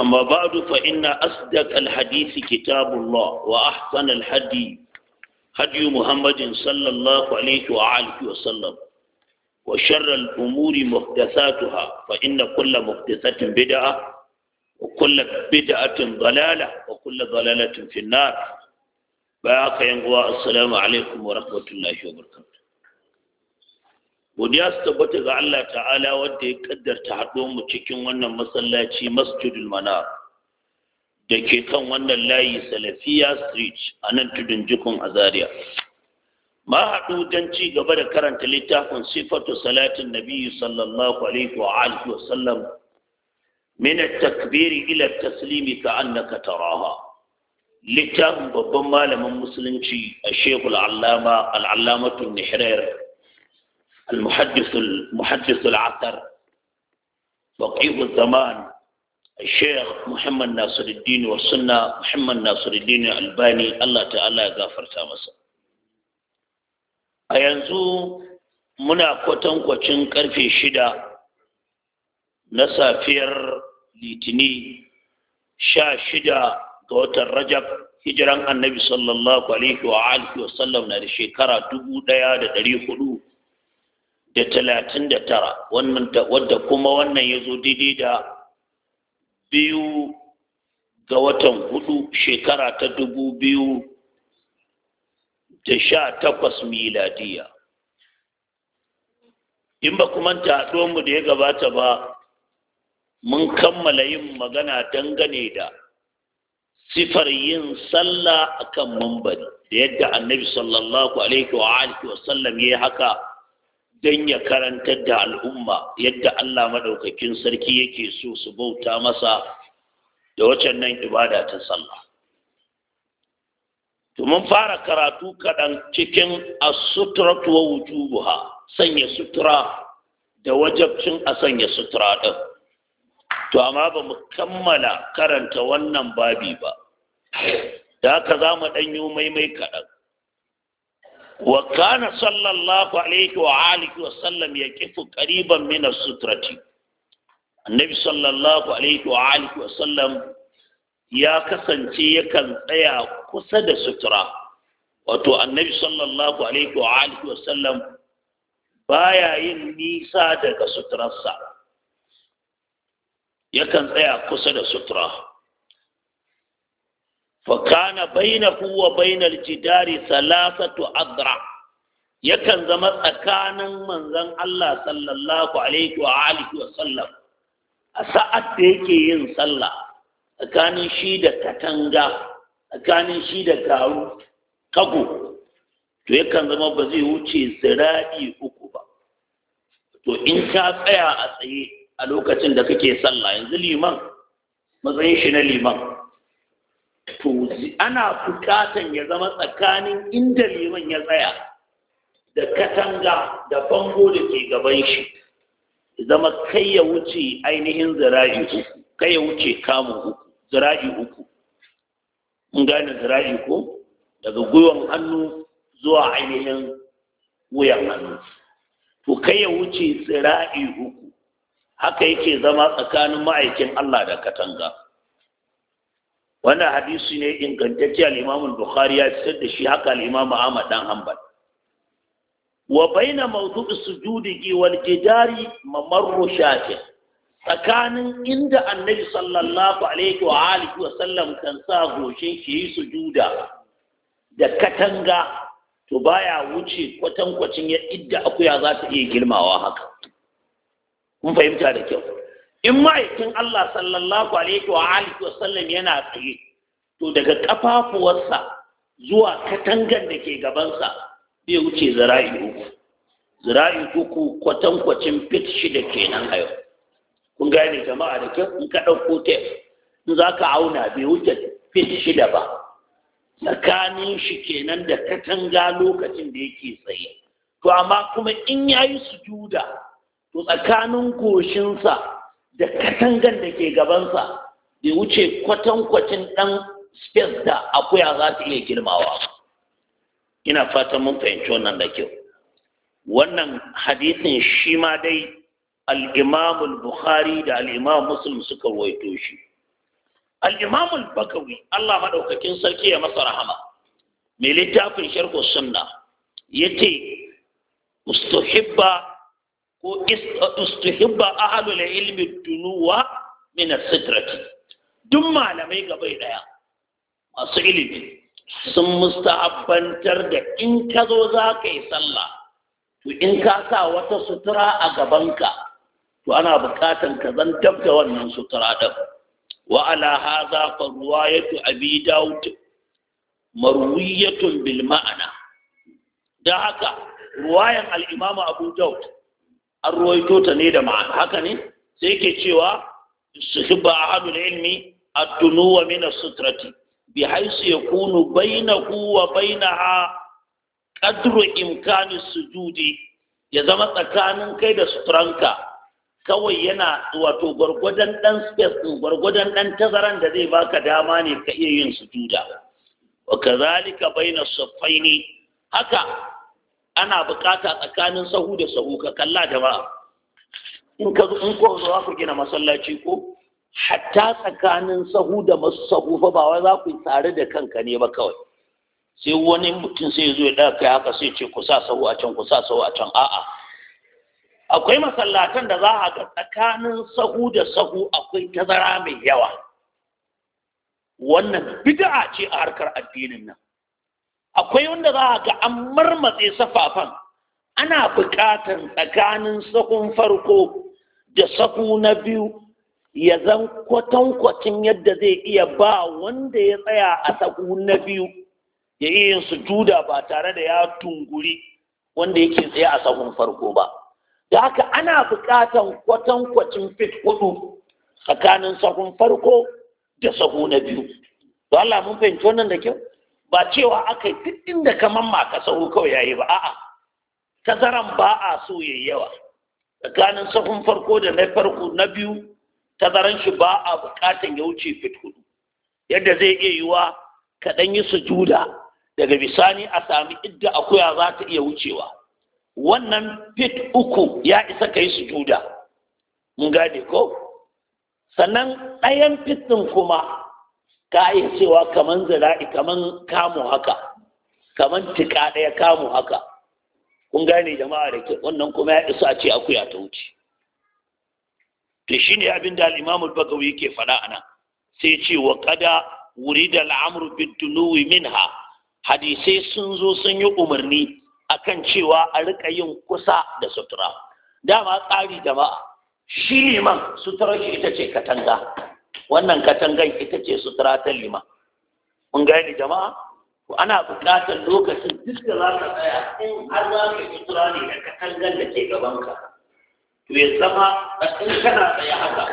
أما بعد فإن أصدق الحديث كتاب الله وأحسن الهدي هدي محمد صلى الله عليه وآله وسلم وشر الأمور محدثاتها فإن كل محدثة بدعة وكل بدعة ضلالة وكل ضلالة في النار باقي السلام عليكم ورحمة الله وبركاته godiya su tabbata ga Allah ta'ala wanda ya kaddarta haɗo mu cikin wannan masallaci masjidul manar da ke kan wannan layi salafiya street a nan tudun jikun azariya ma haɗu don ci gaba da karanta littafin sifatu salatin nabiyyu sallallahu alaihi wa alihi wa sallam min at-takbiri ila at-taslimi ka annaka taraha littafin babban malamin musulunci a shekul allama al'allamatun nihrar المحدث المحدث العطر وقيف الزمان الشيخ محمد ناصر الدين والسنة محمد ناصر الدين الباني الله تعالى غفر تامسا a yanzu muna kwatankwacin karfe shida na safiyar litini sha shida ga watan rajab hijiran annabi sallallahu alaihi wa alihi na da shekara dubu ɗaya da ɗari hudu da talatin da tara wadda kuma wannan ya zo daidai da biyu ga watan hudu shekara ta dubu biyu da sha takwas miladiya in ba kuma mu da ya gabata ba mun kammala yin magana dangane da sifar yin sallah akan mambari da yadda annabi sallallahu alaihi wa sallam ya haka don ya karantar da al'umma yadda Allah maɗaukakin sarki yake so su bauta masa da wacan nan ibada ta sallah. mun fara karatu kaɗan cikin a sutura tuwa wujubuha sanya sutura da wajabcin a sanya sutura ɗin. To, amma ba mu kammala karanta wannan babi ba, da haka za mu ɗanyo maimai kaɗan. wa kana sallallahu alaihi wa alihi wa sallam ya yaqifu qariban min as-sutrati annabi sallallahu alaihi wa alihi wa sallam ya kasance yakan tsaya kusa da sutura wato annabi sallallahu alaihi wa alihi wa sallam baya yin nisa daga suturarsa yakan tsaya kusa da sutura fakana bainahu wa bainal jidari salasatu adra yakan zama tsakanin manzon Allah sallallahu a sa'ad da yake yin sallah tsakanin shi da katanga tsakanin shi da garu kago to yakan zama ba zai wuce zira'i uku ba to in ka tsaya a tsaye a lokacin da kake sallah yanzu liman matsayin shi na liman to ana bukatan ya zama tsakanin inda liman ya tsaya da katanga da bango da ke gaban shi zama kai ya wuce ainihin zira'i uku kai ya wuce kamun uku zira'i uku mun gane zira'i ko daga gwiwan hannu zuwa ainihin wuyan hannu to kai ya wuce zira'i uku haka yake zama tsakanin ma'aikin Allah da katanga wannan hadisi ne ingantacce al Bukhari ya fitar da shi haka al Ahmad dan Hanbal wa baina mawdu'i sujudi wal jidari mamarru shatin tsakanin inda annabi sallallahu alaihi wa alihi wa sallam kan sa goshin shi yi sujuda da katanga to baya wuce kwatankwacin ya idda akuya za ta iya girmawa haka kun fahimta da kyau in ma'aikin Allah sallallahu alaihi wa alihi wa sallam yana tsaye to daga kafafuwarsa zuwa katangan da ke gabansa bai wuce zira'i uku zira'i uku kwatankwacin fit da kenan a yau kun gane jama'a da kyau in ka ɗauko tef in za ka auna bai wuce fit da ba tsakanin shi kenan da katanga lokacin da yake tsaye to amma kuma in yayi sujuda to tsakanin goshinsa da katangan da ke gabansa bai wuce kwatankwacin ɗan space da akuya za ta iya girmawa ina fatan mun fahimci wannan da kyau wannan hadisin shi ma dai alimamul bukhari da al'imam muslim suka ruwaito shi al'imam al-bakawi allah maɗaukakin sarki ya masa rahama mai littafin sharhu sunna ya ce "Mustahibba!" ko uh, istuhibba ahlul ilmi dunuwa min sitrati duk malamai gabai daya masu ilimi sun musta'abbantar da in ka zo za ka yi sallah to in ka sa wata sutura a gabanka to ana bukatan ka zantar da wannan sutura din wa ala hadha fa riwayatu abi daud marwiyatun bil ma'ana da haka riwayan al imamu abu daud an ruwaito ta ne da ma'ana haka ne sai yake cewa suhibba ahadul ilmi ad-dunuwa min as-sutrati bi haythu yakunu bainahu wa ha kadru imkani sujudi ya zama tsakanin kai da suturanka kawai yana wato gwargwadon dan space din gwargwadon dan tazaran da zai baka dama ne ka iya yin sujuda wa kazalika baina safaini haka ana bukata tsakanin sahu da sahu ka kalla jama'a in ka in ko ku gina masallaci ko hatta tsakanin sahu da masahu fa ba wai za ku tare da kanka ne ba kawai sai wani mutum sai zo ya daga kai haka sai ce ku sa sahu a can ku sa sahu a can a'a akwai masallatan da za a ga tsakanin sahu da sahu akwai tazara mai yawa wannan bid'a ce a harkar addinin nan akwai wanda za ga an marmatse safafan ana buƙatan tsakanin sahun farko da sahu na biyu ya zan kwatankwacin yadda zai iya ba wanda ya tsaya a sahu na biyu ya iya yin sujuda ba tare da ya tunguri wanda yake tsaye a sahun farko ba da haka ana buƙatan kwatankwacin fit hudu tsakanin sahun farko da sahu na biyu to Allah mun fahimci wannan da kyau ba cewa aka yi duk inda ka mamma ka sahu kawai yayi ba a'a tazaran ba a so yayi yawa tsakanin sahun farko da na farko na biyu tazaran shi ba a bukatan ya wuce fit hudu yadda zai iya yiwa ka dan yi sujuda daga bisani a sami idda akuya za ta iya wucewa wannan fit uku ya isa ka yi sujuda mun gane ko sannan ɗayan fit ɗin kuma ka iya cewa kaman zira'i kaman kamu haka kaman tika ɗaya kamu haka kun gane jama'a da ke wannan kuma ya isa ce akuya ta wuce to ne abin da al'imamu imam bagawi yake faɗa ana sai ce wa wuri da al-amru bid minha hadisai sun zo sun yi umarni akan cewa a rika yin kusa da sutura dama tsari jama'a shi liman suturar shi ita ce katanga wannan katangai ita ce sutura ta lima mun gani jama'a to ana buƙatar lokacin duk da za ka tsaya in har za ka sutura ne da katangan da ke gabanka to ya zama in kana tsaye haka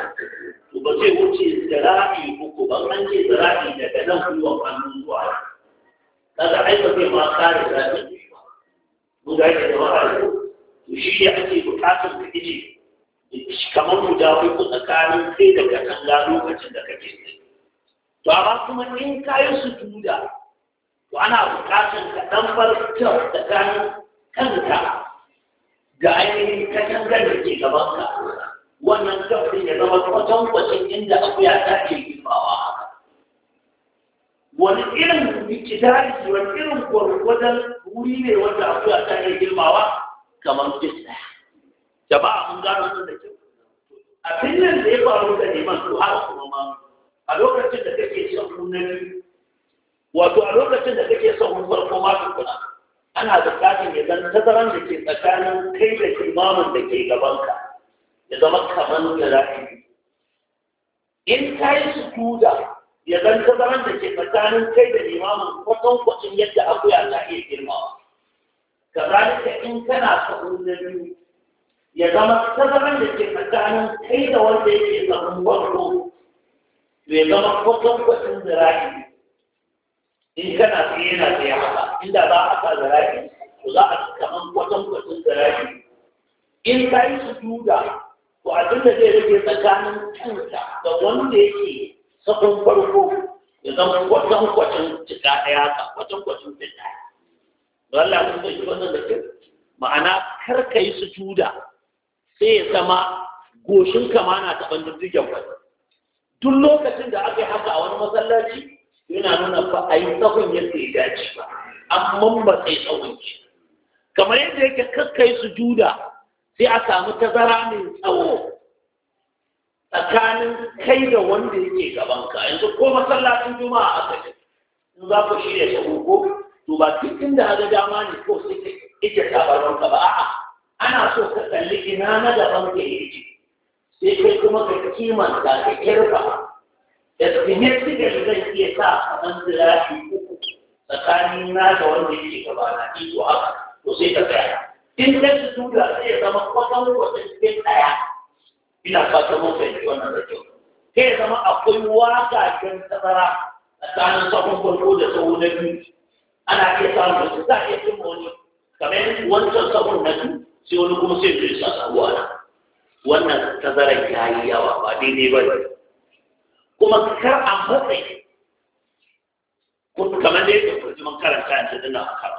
to ba zai wuce da ra'ayi uku ba an ce zira'i daga nan zuwa hannun zuwa kaga ai ba zai ma kare zira'i mun gane jama'a to shi ne ake buƙatar ka ije kamar guda ku tsakanin kai da katanga lokacin da kake tsaye to amma kuma in kayan su duda to ana buƙatar ka ɗan bar kyau tsakanin kanka da ainihin katangar da ke gaban ka wannan kyau ɗin ya zama kwacin inda akuya ta ke girmawa wani irin mikidari wani irin gwargwadon wuri ne wanda akuya ta ke girmawa kamar kis jama'a mun gano nan da kyau abin nan da ya faru da neman su har kuma ma a lokacin da kake son na wato a lokacin da kake son farko ma tukuna ana da buƙatar ya zan tazaran da ke tsakanin kai da kimamin da ke gabanka ya zama kamar da rafi in ka yi su sujuda ya zan tazaran da ke tsakanin kai da limamin kwatankwacin yadda ya na iya girmawa kazalika in kana son na biyu ya zama tazaran da ke tsakanin kai da wanda yake zaman gwamnati bai zama kwatankwacin zira'i in kana tsaye yana tsaye haka inda za a sa zira'i to za a kaman kwatankwacin zira'i in ka yi su duda to abin da zai rage tsakanin kanta da wanda yake sabon farko ya zama kwatankwacin cika ɗaya haka kwatankwacin fita. Wallah mun bai shi wannan da kyau. ma'ana kar ka yi juda sai ya zama goshin kama na taɓa diddigen wani Tun lokacin da aka yi haka a wani masallaci yana nuna ba a yi tsawon yadda ya dace ba amma ba sai tsawon kamar yadda yake kakkai su juda sai a samu tazara mai tsawo tsakanin kai da wanda yake gaban ka yanzu ko masallacin juma'a aka yi in za ku shirya shago ko to ba duk inda ga dama ne ko sai ka ita tabarwanka ba a'a ana so ka kalli ina na daban da ya ce sai kai kuma ka kimanta ka kirka da significant zai iya sa a kan zirafi uku tsakanin na da wanda yake gaba na iko haka to sai ka tsaya in ka su tura sai ya zama kwatan kwatan cikin ɗaya ina fatan mun fahimci wannan rajo sai ya zama akwai waka kan tsara tsakanin sakon farko da sahun na biyu ana iya samun su za a iya cin wani kamar wancan sabon na biyu sai wani kuma sai ya sa sabuwa na wannan tazarar ya yi yawa ba daidai ba ne kuma kar a matsayi kamar da yadda man karanta yanzu dana a kan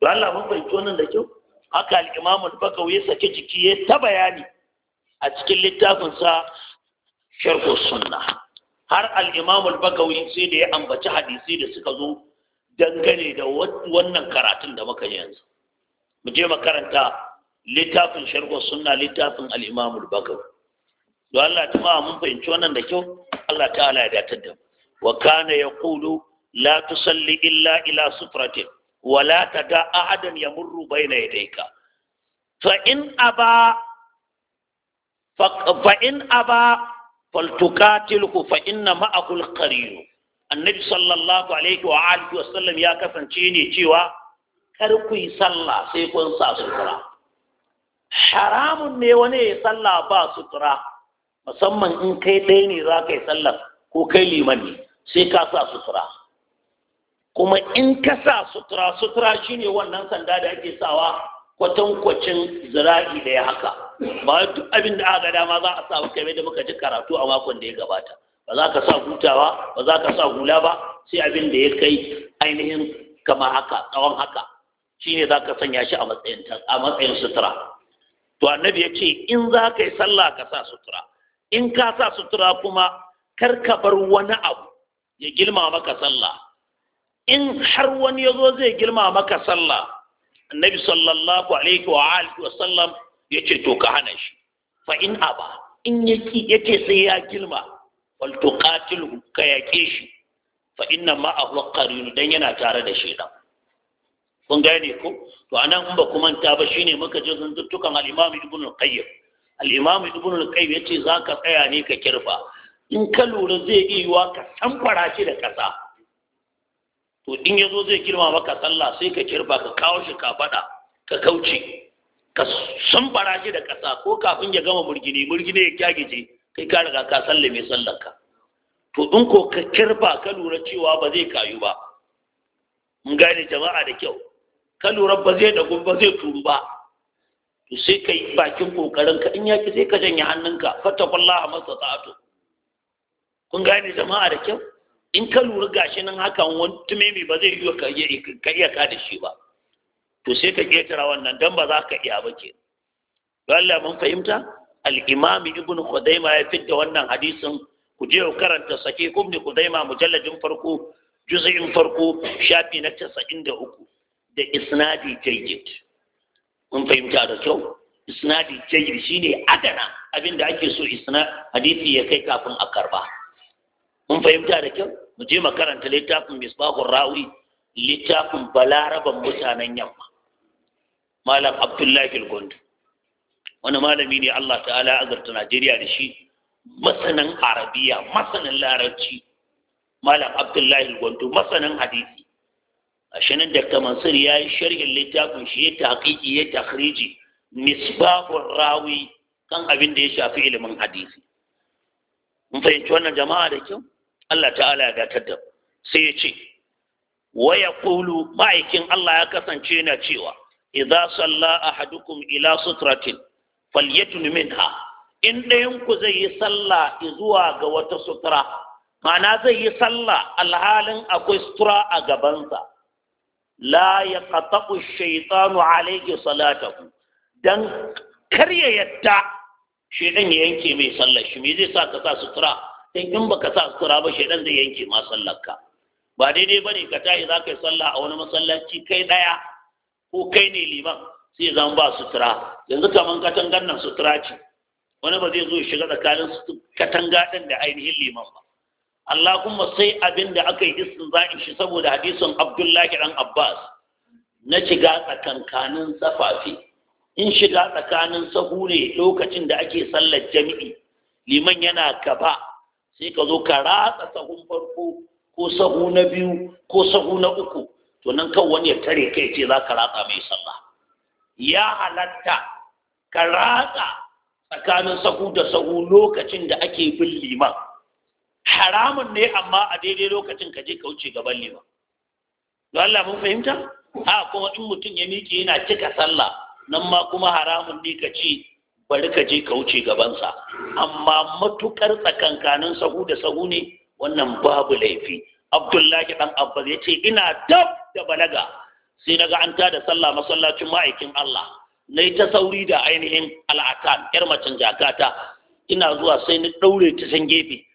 su Allah mun bai tonin da kyau haka al al bakawi ya saki jiki ya ta bayani a cikin littafinsa sharhu Sunnah har al al bakawi sai da ya ambaci hadisi da suka zo dangane da wannan karatun da muka yi yanzu mu je makaranta littafin sharhu suna littafin Alimamul imam al-bagawi don Allah ta mun fahimci wannan da kyau Allah ta'ala ya datar da wa kana yaqulu la tusalli illa ila sufratin wa la tada ahadan yamurru bayna yadayka fa in aba fa in aba faltukatilhu fa inna ma'ahu al annabi sallallahu alaihi wa alihi wa sallam ya kasance ne cewa kar ku yi sallah sai kun sa sutura haramun ne wani ya sallah ba sutura musamman in kai ɗaya ne za ka yi sallar ko kai liman ne sai ka sa sutura kuma in ka sa sutura sutura shine wannan sanda da ake sawa kwatankwacin zira'i da ya haka ba duk abin da aka dama za a sa kamar da muka ji karatu a makon da ya gabata ba za ka sa hutawa ba za ka sa hula ba sai abin da ya kai ainihin kama haka tsawon haka shine za ka sanya shi a matsayin a matsayin sutura to annabi ya ce in za ka yi sallah ka sa sutura in ka sa sutura kuma kar ka bar wani abu ya girma maka sallah in har wani ya zo zai girma maka sallah annabi sallallahu alaihi wa alihi wa sallam ya ce to ka hana shi fa in aba in yake yake sai ya girma wal tuqatilu ka yake shi fa inna ma'ahu qarinu dan yana tare da shaytan kun gane ko to anan in ba ku manta ba shine muka ji zantuttukan al-Imam Ibn al-Qayyim al-Imam Ibn al-Qayyim yace zaka tsaya ne ka kirfa in ka lura zai iya yiwa ka samfara shi da kasa to in yazo zai kirma maka sallah sai ka kirfa ka kawo shi ka fada ka kauce ka samfara shi da kasa ko kafin ya gama burgini burgini ya kyagije kai ka riga ka sallame sallarka to in ko ka kirfa ka lura cewa ba zai kayu ba mun gane jama'a da kyau ka lura ba zai da ba zai turu ba to sai ka yi bakin kokarin ka in yaki sai ka janye hannunka masa mastata'tu kun gane jama'a da kyau in ka lura gashi nan hakan wani tumemi ba zai yiwa ka iya ka da shi ba to sai ka ketara wannan dan ba za ka iya ba ke Allah mun fahimta al-Imam Ibn Khudaimah ya fitta wannan hadisin ku je ku karanta sake ibn Khudaimah mujalladin farko juz'in farko shafi na 93 da isnadi jayyid mun fahimta da kyau isnadi jayyid shine adana abin da ake so isna hadisi ya kai kafin a karba mun fahimta da kyau mu je makaranta littafin misbahur rawi littafin balaraban mutanen yamma malam abdullahi al al-gund wani malami ne Allah ta'ala azarta Najeriya da shi masanin arabiya masanin larabci malam abdullahi al al-gund masanin hadisi a shanin dr mansur ya yi sharhin littafin shi ya taƙiƙi ya takriji misbahun rawi kan abin da ya shafi ilimin hadisi mun fahimci wannan jama'a da kyau Allah ta'ala ya datar da sai ya ce wa Kulu ma'aikin Allah ya kasance na cewa a salla ahadukum ila sutratin falyatun ha. in ɗayan ku zai yi sallah zuwa ga wata sutura ma'ana zai yi sallah alhalin akwai sutura a gabansa la ya qata'u shaytanu alayhi dan kar ya yadda shedan ya yanke mai sallar shi me zai sa ka sa sutura dan in baka sa sutura ba shedan zai yanke ma sallar ka ba daidai bane ka tashi za ka yi sallah a wani masallaci kai daya ko kai ne liman sai zan ba sutura yanzu kaman katangar nan sutura ce wani ba zai zo shiga tsakanin katanga din da ainihin liman ba Allah kuma sai abin da aka yi istinza'in shi saboda hadisin Abdullahi dan Abbas na shiga tsakankanin safafi in shiga tsakanin sahu ne lokacin da ake sallar jami'i liman yana gaba sai ka zo ka ratsa sahun farko ko sahu na biyu ko sahu na uku to nan kan wani ya tare kai ce za ka ratsa mai sallah ya halatta ka ratsa tsakanin sahu da sahu lokacin da ake bin liman haramun ne amma a daidai lokacin ka je ka wuce gaban liman don Allah mun fahimta ha kuma in mutum ya miƙe yana cika sallah nan ma kuma haramun ne ka ce bari ka je ka wuce gabansa amma matukar tsakankanin sahu da sahu ne wannan babu laifi abdullahi dan abbas ya ce ina dab da balaga sai naga an da sallah masallacin ma'aikin Allah na yi ta sauri da ainihin al'atan yar macen jakata ina zuwa sai ni ɗaure ta san gefe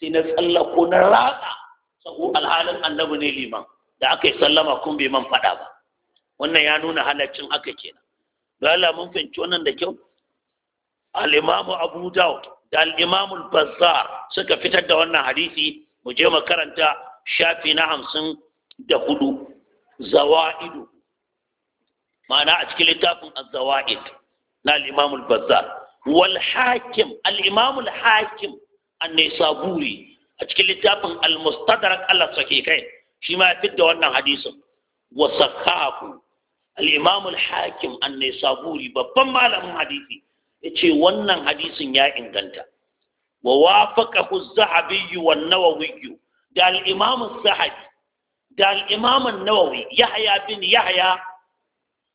sai na tsallako na ratsa sahu alhalin annabi ne liman da aka yi sallama kun bai man faɗa ba wannan ya nuna halaccin haka kenan don Allah mun fahimci wannan da kyau al-imamu Abu Dawud da al-imamu al-Bazzar suka fitar da wannan hadisi mu je mu karanta shafi na hamsin da hudu zawa'idu ma'ana a cikin littafin az-zawa'id na al-imamu al-Bazzar wal hakim al-imamu al-hakim an-nisaburi a cikin littafin al-mustadrak Allah sake kai shi ma ya fitta wannan hadisin wa sakahu al-imam al-hakim annisaburi babban malamin hadisi yace wannan hadisin ya inganta wa wafaqahu az-zahabi wa an-nawawi da al-imam az-zahabi da al-imam an-nawawi yahya bin yahya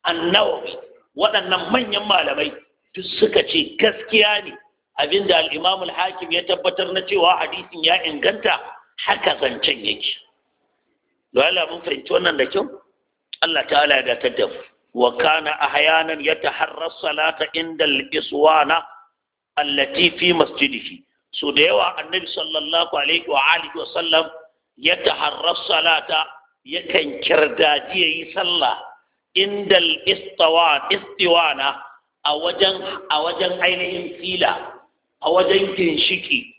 an-nawawi waɗannan manyan malamai duk suka ce gaskiya ne abinda al-Imam hakim ya tabbatar na cewa hadisin ya inganta haka zancen yake dole mun fahimci wannan da kyau Allah ta'ala ya datar da mu wa kana ahyanan yataharras salata inda al-iswana allati fi masjidihi so da yawa annabi sallallahu alaihi wa alihi wa sallam yataharras salata yakan kirdaji yi sallah inda al-istiwana a wajen a wajen ainihin fila a wajen ginshiki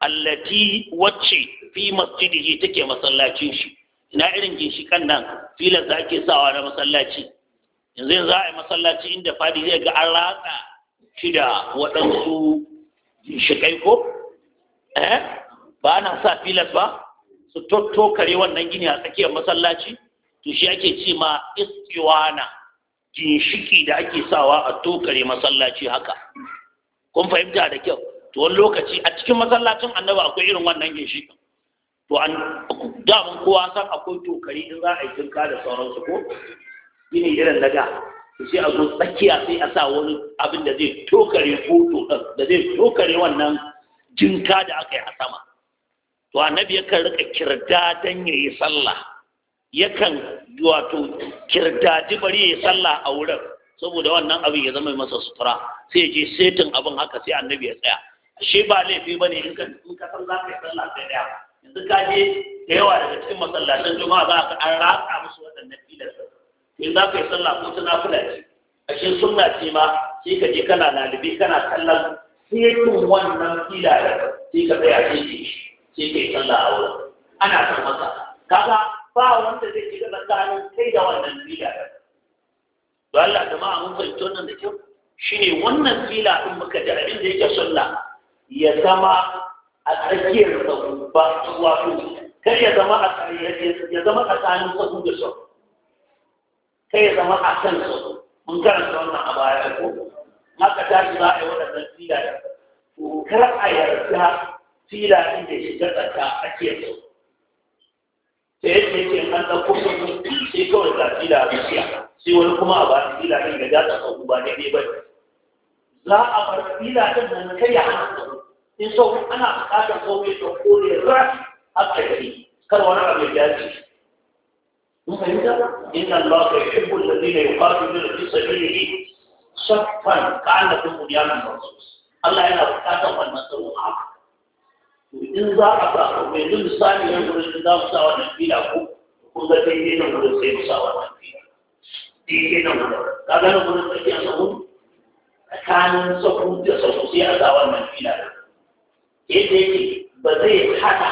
allati wacce fi masjidihi take masallacin shi ina irin ginshikan nan filar da ake sawa na masallaci yanzu yanzu a masallaci inda fadi zai ga an ratsa shi da waɗansu ginshikai ko eh ba na sa filas ba su totto kare wannan gini a tsakiyar masallaci to shi ake ce ma istiwana ginshiki da ake sawa a tokare masallaci haka kun fahimta da kyau to wani lokaci a cikin masallacin annabi akwai irin wannan ginshi to an da mun kowa san akwai tokari in za a yi tunka da sauransu ko gini irin na da sai a zo tsakiya sai a sa wani abin da zai tokare hoto da zai tokare wannan jinka da aka yi a sama to annabi yakan rika kirda dan yayi sallah yakan wato kirdaji bari yayi sallah a wurin saboda wannan abin ya zama masa sutura sai je setin abin haka sai annabi ya tsaya ashe ba laifi bane in ka in ka san za ka yi sallah sai daya yanzu ka je da yawa daga cikin masallacin juma'a za ka an raka musu waɗannan filar in za ka yi sallah ko tana fula ce A shi sunna ce ma sai ka je kana lalibi kana kallon setin wannan filayen sai ka tsaya sai ke sai ka yi sallah a wurin ana son haka. kaga ba wanda zai shiga tsakanin kai da wannan filar to Allah jama'a mun fahimci wannan da kyau Shi ne wannan fila din muka ji abin da yake sunna ya zama a tsakiyar sahu ba wato Kai ya zama a ya zama tsakanin sahu da sahu Kai ya zama a kan sahu mun karanta wannan a baya ko haka tashi za a yi waɗannan fila da to kar a yarda fila din da shiga tsaka a tsakiyar sahu sai yake yake an ɗauko sahu sai kawai ga fila a tsakiya sai wani kuma a ba su fila ɗin ga jata sau ba daidai ba ne. za a bar fila ɗin nan kai ya hana sau in sau ana buƙatar sau mai sau ko ne ras haka kar wani abu ya ce mun fahimta inna allaha yuhibbu alladhina yuqatiluna fi sabilihi saffan ka'annahum bunyanun marsus Allah yana buƙatar wannan tsaro haka in za a sa ko mai misali yanzu da za mu sa wannan fila ko kun ga kai ne nan gurin sai mu sa wannan fila ka gane wurin tsakiyar sahun tsakanin sahun da sahun sai a sa wannan fila da yadda yake ba zai hana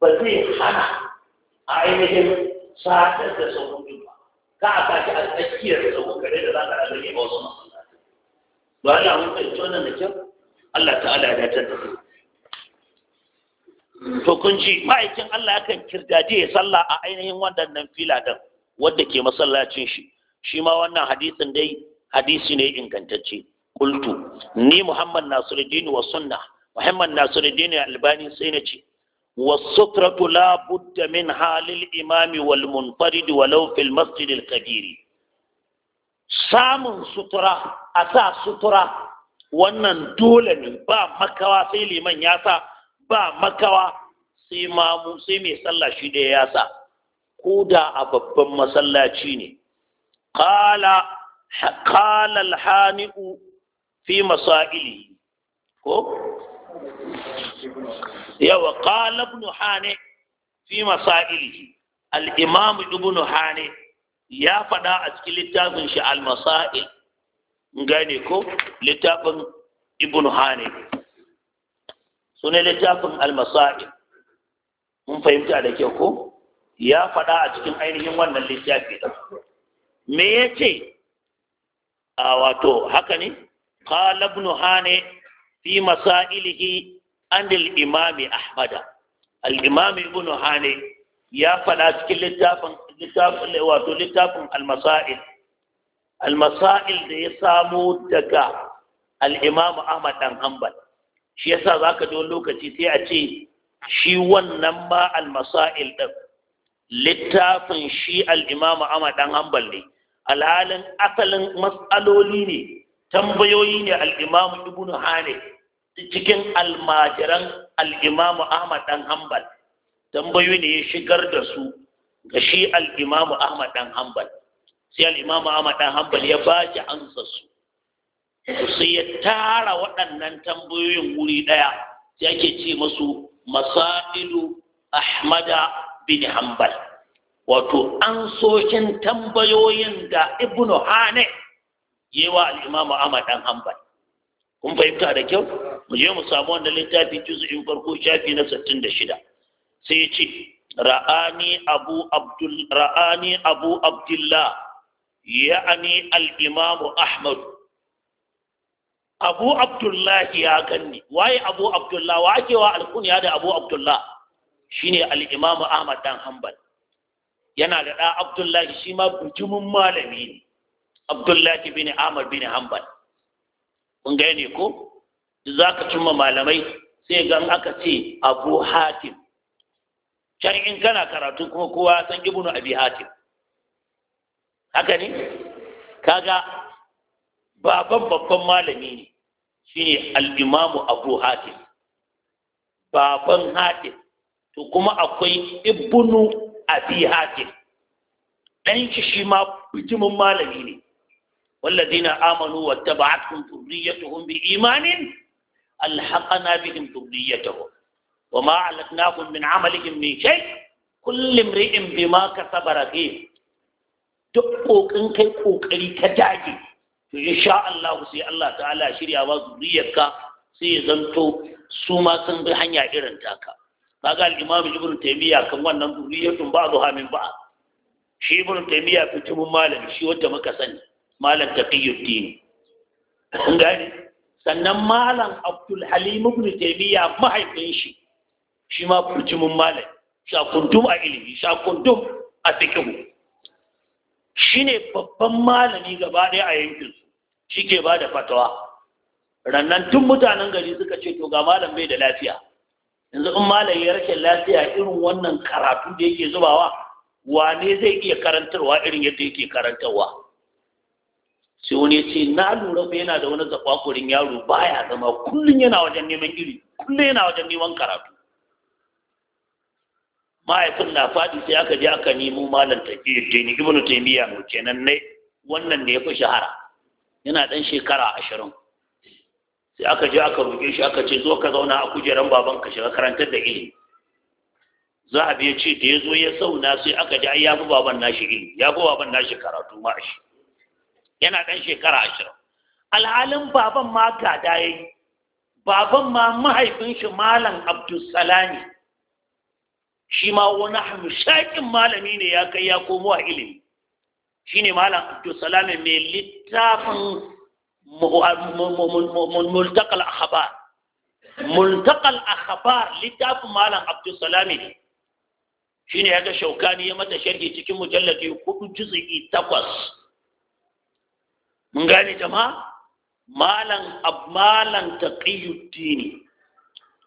ba zai hana a ainihin satar da sahun din ba ka a sake a tsakiyar sahun kare da za ka rage ba wasu masallaci ba Allah mun fahimci wannan da kyau Allah ta'ala ya dace da su to kun ji ma'aikin Allah yakan kirdaje ya sallah a ainihin wannan fila din wadda ke masallacin shi shi ma wannan hadisin dai hadisi ne ingantacce kultu ni muhammad nasiruddin wa sunna muhammad nasiruddin albani sai na ce والسترة لا بد منها للإمام والمنفرد ولو في المسجد الكبير samun sutura a sa sutura wannan dole ne ba makawa sai liman ya sa ba makawa sai mamu sai mai sallah shi da ya sa ko da a babban masallaci ne qala qala al fi masaili ko yawa qala ibn hani fi masaili. al-imam ibn hani ya faɗa a cikin littafin shi al-masail gane ko littafin ibn hani sunan littafin al-masail mun fahimta da kyau ko ya faɗa a cikin ainihin wannan littafi ɗin me ya ce a wato haka ne qala ibn hane fi masailihi an al-imam ahmad al ibn hane ya faɗa cikin littafin littafin wato littafin al-masail al-masail da ya samu daga al ahmad ɗan hanbal shi yasa zaka ka lokaci sai a ce shi wannan ma al-masail din littafin shi al'imamu Ahmad ɗan hambal ne alhalin asalin matsaloli ne tambayoyi ne al'imamu ibn hane cikin almajiran al'imamu Ahmad ɗan hambal tambayoyi ne ya shigar da su ga shi al'imamu Ahmad ɗan hambal sai al'imamu Ahmad ɗan hambal ya ba ki ansa su sai ya tara waɗannan tambayoyin wuri ɗaya sai ake ce masu masailu ahmada bin hanbal wato an sokin tambayoyin da ibnu hane yewa al-imamu ahmad dan hanbal kun fahimta da kyau mu je mu samu wannan littafi juz'in farko shafi na 66 sai ya ce ra'ani abu abdul ra'ani abu abdullah ya'ani al-imamu ahmad abu abdullah ya ganni waye abu abdullah wa ake wa alkunya da abu abdullah shi ne al’imamu Ahmad dan Hanbal yana da ɗa Abdullahi shi ma bujimin malami ne Abdullahi bin Ahmad bin Hanbal kun gai ne ko ka cimma malamai sai gan aka ce Abu Hatim Can in kana karatu kuma kowa san Ibn Abi Hatim haka ne kaga baban babban malami ne shine ne al’imamu Abu Hatim baban Hatim to kuma akwai ibnu abi hatim dan shi shi ma bijimin malami ne walladina amanu wattaba'atkum dhurriyyatuhum biimanin alhaqana bihim dhurriyyatuhum wama علتناهم min amalihim min shay كل امرئ bima kasaba رهين duk kokin kai kokari ka dage to insha Allah sai Allah ta'ala shirya ba zuriyarka sai zanto su ma sun bi hanya irin taka kaga al-imam ibn taymiya kan wannan duriyatun ba'dha min ba'd shi ibn taymiya fitibun malami shi wanda muka sani malam taqiyuddin kun gane sannan malam abdul halim ibn taymiya mahaifin shi shi ma fitimun malami kuntum a ilimi kuntum a fikihu shine babban malami gaba ɗaya a yankin su shi ke bada fatawa rannan tun mutanen gari suka ce to ga malam bai da lafiya yanzu in Malami ya rashin lafiya irin wannan karatu da yake zubawa wane zai iya karantarwa irin yadda yake karantarwa sai wani ya ce na lura ba yana da wani zakwakurin yaro baya zama kullum yana wajen neman iri kullum yana wajen neman karatu mahaifin na faɗi sai aka je aka nemo malam tafiya ibnu taimiya kenan ne wannan da ya fi shahara yana ɗan shekara ashirin sai aka je aka roƙe shi aka ce zo ka zauna a kujeran baban ka shiga karantar da ilimi za a biya ce da ya zo ya sauna sai aka ji ai ya fi baban nashi ilimi ya fi baban nashi karatu ma shi yana ɗan shekara ashirin alhalin baban ma gada ya baban ma mahaifin shi malam abdulsalami shi ma wani hamshakin malami ne ya kai ya komo a ilimi shi ne malam abdulsalami mai littafin ملتقى الأخبار ملتقى الأخبار لتاب مالا عبد السلام شين هذا شوكاني متى تشرحي تكي مجلد يقول جزئي تقص من قال جماعة مالا أب مالا تقي الدين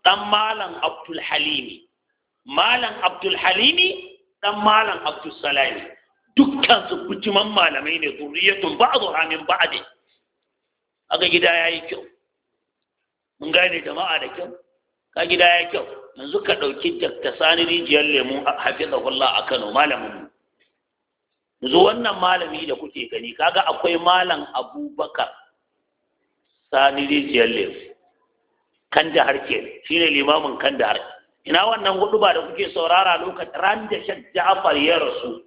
تم مالا عبد الحليم مالا عبد الحليم تم مالا عبد السلام دكان سبتمان مالا مين ذرية بعضها من بعده aka gida ya yi kyau mun gane jama'a da kyau ka gida ya yi kyau yanzu ka ɗauki dakta sani rijiyar lemu Hafi hafizahullah a kano malamin yanzu wannan malami da kuke gani kaga akwai malam abubakar sani rijiyar lemu kan harke shi ne limamin kan harke. ina wannan hudu ba da kuke saurara lokacin ran da shan ja'afar ya rasu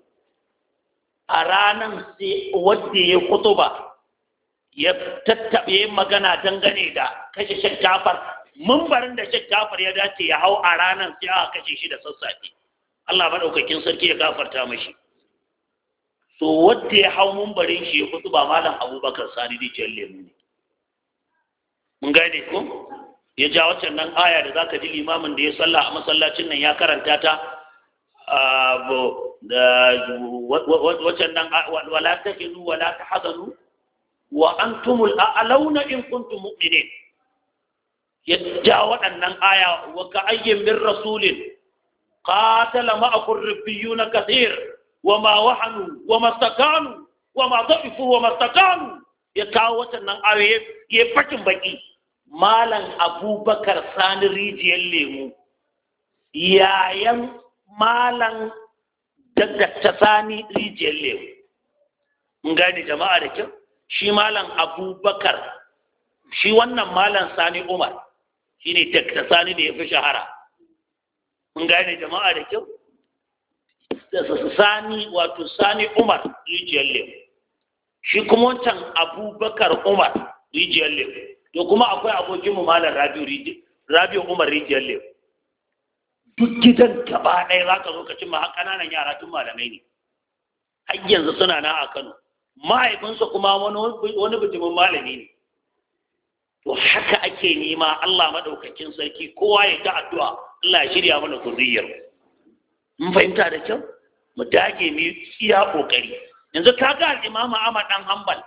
a ranan sai wadda ya kutuba ya tattaɓe magana dangane da kashe shek jafar mumbarin da shek ya dace ya hau a ranar sai aka kashe shi da sassafe Allah maɗaukakin sarki ya gafarta mashi so wadda ya hau mumbarin shi ya kutu ba malam abubakar sani da jiyar lemu ne mun gane ko ya ja waccan nan aya da zaka ji limamin da ya salla a masallacin nan ya karanta ta waccan nan wala ta wala ta hazanu wa antumul a'launa in kuntum mu'minin ya ja waɗannan aya wa ka ayyin min rasulin qatala ma'akum rabbiyuna kathir wa ma wahanu wa mastakanu wa ma dha'ifu wa mastakanu ya kawo waɗannan ayoyi ya fakin baki malam abubakar sani rijiyar lemu yayan malam daga sani rijiyar lemu gane jama'a da kyau shi malam abubakar shi wannan malam sani umar shi ne dakta sani da ya fi shahara mun gane jama'a da kyau sani wato sani umar rijiyar lemu shi kuma wancan abubakar umar rijiyar lemu to kuma akwai abokinmu malam rabiu umar rijiyar lemu duk gidan gaba ɗaya za ka zo ka cimma har ƙananan yara tun malamai ne har yanzu suna na a kano mahaifinsa kuma wani mutumin malami ne to haka ake nema Allah maɗaukakin sarki kowa ya ta addu'a Allah ya shirya mana zuriyar mun fahimta da kyau mu dage mu iya kokari yanzu kaga al-Imam Ahmad dan Hanbal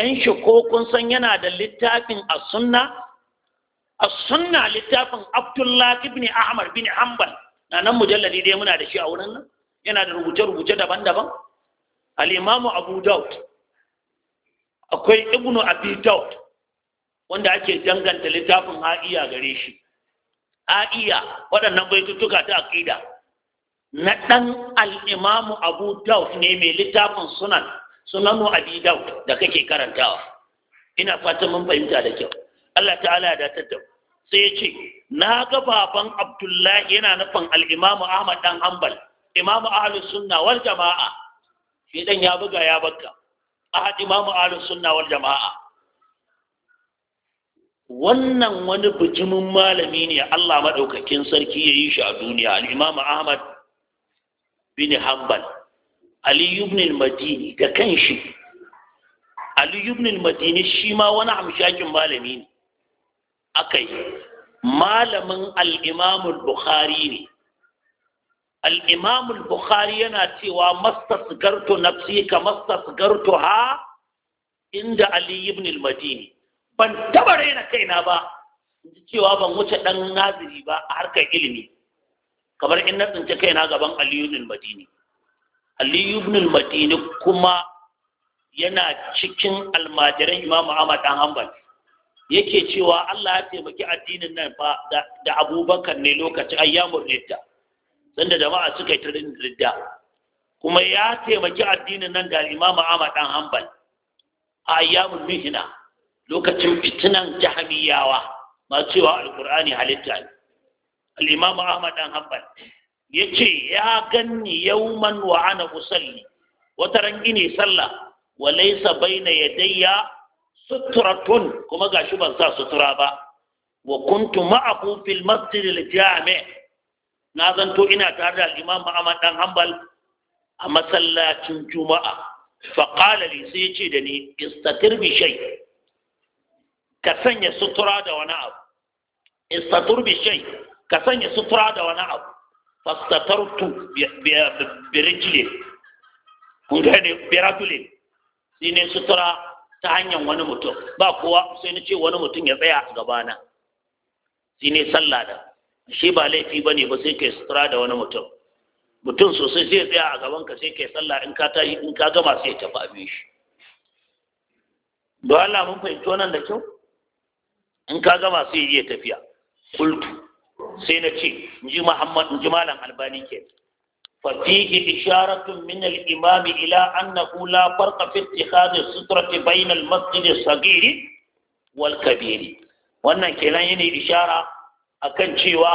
dan shi ko kun san yana da littafin as-sunna as-sunna littafin Abdullah ibn Ahmad bin Hanbal nan mujalladi dai muna da shi a wurin nan yana da rubuce-rubuce daban-daban Alimamu abu daud akwai ibnu abi daud wanda ake danganta littafin ha'iya gare shi ha'iya waɗannan baitutuka ta aƙida na ɗan al abu daud ne mai littafin sunan sunanu abi daud da kake karantawa ina fatan mun fahimta da kyau Allah ta'ala ya datar da sai ya ce na ga baban abdullahi yana nufin al ahmad dan hanbal imamu ahlus sunna wal jama'a shedan ya buga ya bakka ahad imamu ahlus sunna wal jama'a wannan wani bijimin malami ne Allah maɗaukakin sarki ya yi shi a duniya al'imamu Ahmad bin Hanbal Ali ibn madini da kanshi. Ali ibn madini shi ma wani hamshakin malami ne akai malamin al'imamu Bukhari ne al-imam bukhari yana cewa mastasgartu nafsi ka mastasgartu ha inda ali ibn madini ban taba raina kaina ba cewa ban wuce ɗan naziri ba a harkar ilimi kamar in na tsinci kaina gaban ali ibn madini ali ibn madini kuma yana cikin almajiran imam ahmad dan hanbal yake cewa Allah ya taimaki addinin nan ba da abubakar ne lokacin ayyamun nidda sanda jama'a suka yi ta ridda kuma ya taimaki addinin nan da Imam Ahmad dan Hanbal a ayyamul mihina, lokacin fitinan jahamiyawa ma cewa alqur'ani halitta ne al-Imam Ahmad dan Hanbal yace ya ganni yawman wa ana usalli wata ne sallah wa laysa baina yadayya suturatun kuma ga shi ban sa sutura ba wa kuntu ma'ahu fil masjid jami na zanto ina tare da al'imam Ahmad dan Hanbal a masallacin Juma'a fa qala li sai yace da ni istatir bi shay ka sanya sutura da wani abu istatur bi shay ka sanya sutura da wani abu fastatartu bi rijli kun ga ne bi ratuli shine sutura ta hanyar wani mutum ba kowa sai na ce wani mutum ya tsaya gabana, gabana shine sallah da shi ba laifi ba ne ba sai kai sutura da wani mutum mutum sosai zai tsaya a gaban ka sai kai sallah in ka tashi in ka gama sai tafi abin shi don Allah mun fahimci wannan da kyau in ka gama sai iya tafiya kultu sai na ce in ji Muhammad in ji malam Albani ke ففيه ila من الإمام إلى أنه لا فرق في اتخاذ السترة بين Sagiri, wal kabiri wannan kenan yana ishara akan cewa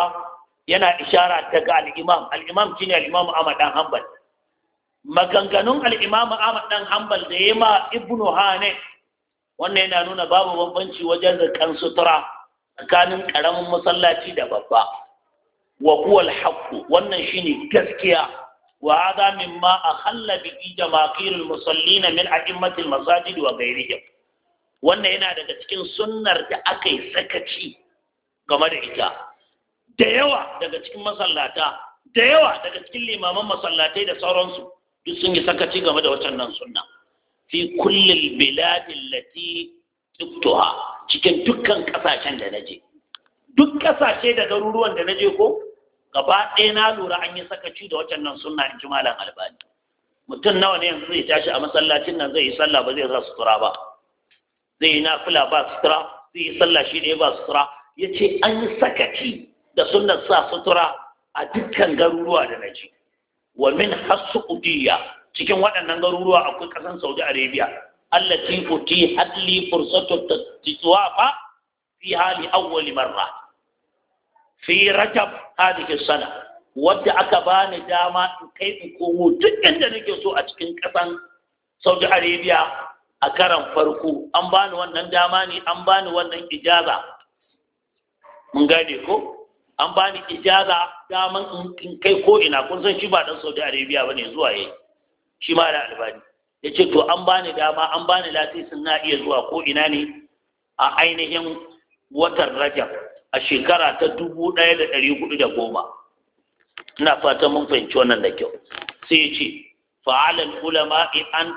yana ishara ta ga al'imam al'imam ne al'imam Ahmad dan Hanbal maganganun al'imam Ahmad dan Hanbal da ya ma Ibn Hane wannan yana nuna babu bambanci wajen zakan sutura tsakanin ƙaramin masallaci da babba wa huwa al wannan wannan shine gaskiya wa hada mimma akhalla bihi jama'ir al-musallin min a'immatil masajid wa ghayrihim wannan yana daga cikin sunnar da aka yi sakaci game da ita da yawa daga cikin masallata da yawa daga cikin limaman masallatai da sauransu duk sun yi sakaci game da nan sunna fi kullil biladin lati tuktuha cikin dukkan kasashen da naje duk kasashe da garuruwan da naje ko gaba ɗaya na lura an yi sakaci da nan sunna in ji malam albani mutum nawa ne yanzu zai tashi a masallacin nan zai yi sallah ba zai sa sutura ba zai yi nafila ba sutura zai yi sallah shi ne ba sutura ya ce an yi sakaci da sunan sa sutura a dukkan garuruwa da na ci. wa min hasu udiya cikin waɗannan garuruwa akwai ƙasan saudi arabia Allah allati uti hadli fursatu fa fi hali awwali marra fi rajab hadhihi sana wadda aka bani dama in kai in komo duk inda nake so a cikin ƙasan saudi arabia a karan farko an bani wannan dama ne an bani wannan ijaza mun gane ko an bani ijaza daman in kai ko ina kun san shi ba dan Saudi Arabia bane zuwa yayi shi ma da albani yace to an bani dama an bani lasisin na iya zuwa ko ina ne a ainihin watan Rajab a shekara ta dubu ɗaya ina fatan mun fahimci wannan da kyau sai yace ce fa'alan ulama an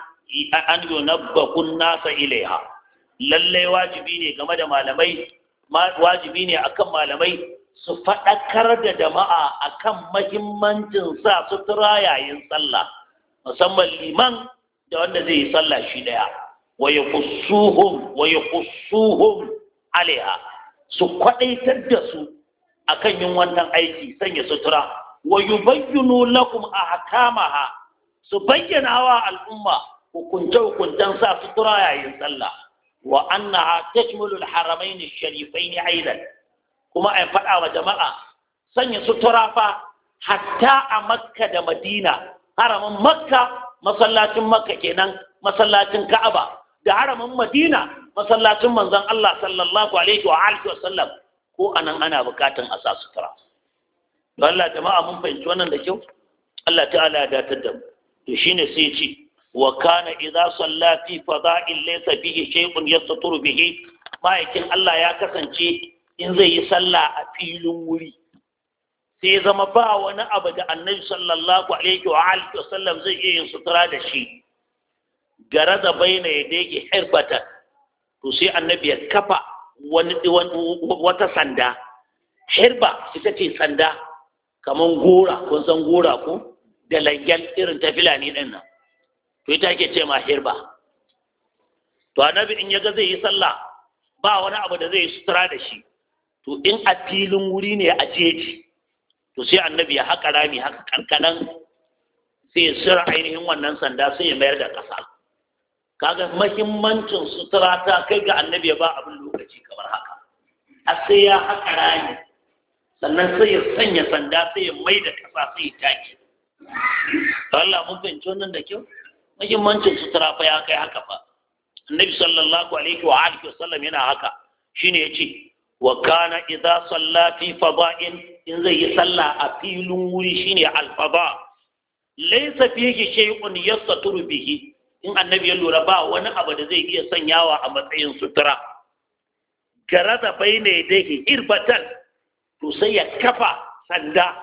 an yunabba kun nasa ilaiha lallai wajibi ne game da malamai wajibi ne akan malamai su faɗakar da jama'a akan mahimmancin sa sutura yayin sallah musamman liman da wanda zai yi sallah shi daya wa kusuhun wa alaiha su kwadaitar da su akan yin wannan aiki sanya sutura wa yubayyinu lakum ahkamaha su bayyana wa al'umma hukunce hukuntan sa sutura yayin sallah wa annaha tajmulu al-haramain al-sharifain kuma ai faɗa wa jama'a sanya sutura fa hatta a makka da madina haramin makka masallacin makka kenan masallacin ka'aba da haramin madina masallacin manzon Allah sallallahu alaihi wa alihi sallam ko anan ana bukatan a sa sutura Allah jama'a mun fahimci wannan da kyau Allah ta'ala ya datar Wakana kana idza salla fi fada'il laysa fihi shay'un yastaturu ma'aikin Allah ya kasance in zai yi sallah a filin wuri sai zama ba wani abu da annabi sallallahu alaihi wa alihi wa sallam zai iya yin sutura da shi gara da baina ya dage hirbata to sai annabi ya kafa wani wata sanda hirba ita ce sanda kaman gora kun san gora ko da langyal irin ta filani ɗin nan to ita ake ce ma hirba to annabi in yaga zai yi sallah ba wani abu da zai sutura da shi to in a filin wuri ne a jeji to sai annabi ya haƙa rami haka kankanan sai ya sura ainihin wannan sanda sai ya mayar da ƙasa kaga mahimmancin sutura ta kai ga annabi ya ba abin lokaci kamar haka a sai ya haƙa rami sannan sai ya sanya sanda sai ya mai da ƙasa sai ya take Allah mun fahimci wannan da kyau muhimmancin sutura fa ya kai haka fa annabi sallallahu alaihi wa alihi wa sallam yana haka shine yace wa kana idza salla fi fada'in in zai yi sallah a filin wuri shine alfaba fada laysa fihi shay'un yasturu bihi in annabi ya lura ba wani abu da zai iya sanyawa a matsayin sutura garada bayna yadayhi irbatan to sai ya kafa sanda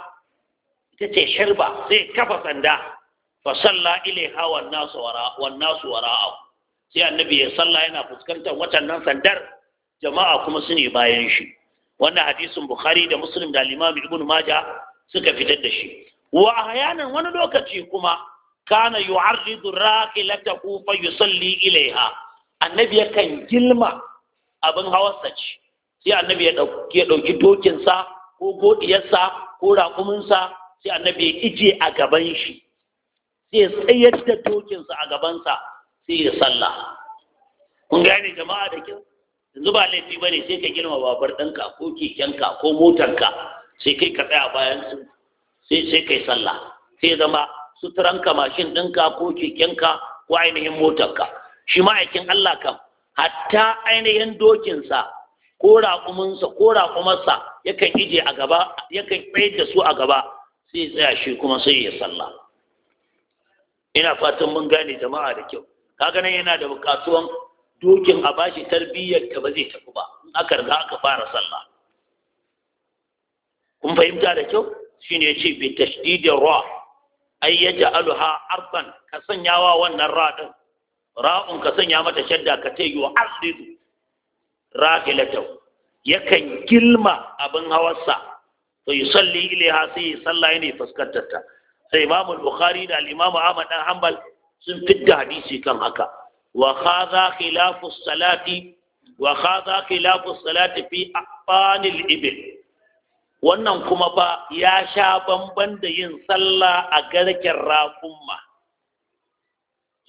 ita ce shirba sai kafa sanda fasalla salla ilaiha wan nasu wara wan nasu au sai annabi ya salla yana fuskantar nan sandar jama'a kuma sune bayan shi wannan hadisin bukhari da muslim da imam ibnu maja suka fitar da shi wa ahyanan wani lokaci kuma kana yu'arridu raqilatahu fa yusalli ilaiha annabi yakan gilma abin hawarsa ce sai annabi ya ɗauki dokinsa ko godiyarsa ko raƙuminsa sai annabi ya ije a gaban shi sai tsayar da dokinsa a gabansa sai ya sallah kun gane jama'a da kyau yanzu ba laifi ba ne sai ka girma babar ɗanka ko kekenka ko motanka, sai kai ka tsaya bayan su sai sai kai sallah sai zama suturanka mashin ɗinka ko kekenka ko ainihin motarka shi ma'aikin Allah kam hatta ainihin dokinsa ko raƙuminsa ko raƙumarsa yakan ije a gaba yakan tsayar da su a gaba sai tsaya shi kuma sai ya sallah ina fatan mun gane jama'a da kyau kaga nan yana da bukatuwan dokin a bashi tarbiyyar ta ba zai tafi ba in aka riga aka fara sallah kun fahimta da kyau shine yace bi tashdidi ra ay yaj'alha arban ka sanyawa wannan ra din ra'un ka sanya mata shadda ka tayi wa ardidu rahilatu yakan gilma abin hawarsa to yusalli ilaiha sai sallah ne fuskantar ta sai Imam Bukhari da Imam Ahmad dan Hanbal sun fidda hadisi kan haka wa khadha khilafu salati wa khadha khilafu salati fi aqbanil ibil wannan kuma ba ya sha bamban da yin sallah a garken raƙumma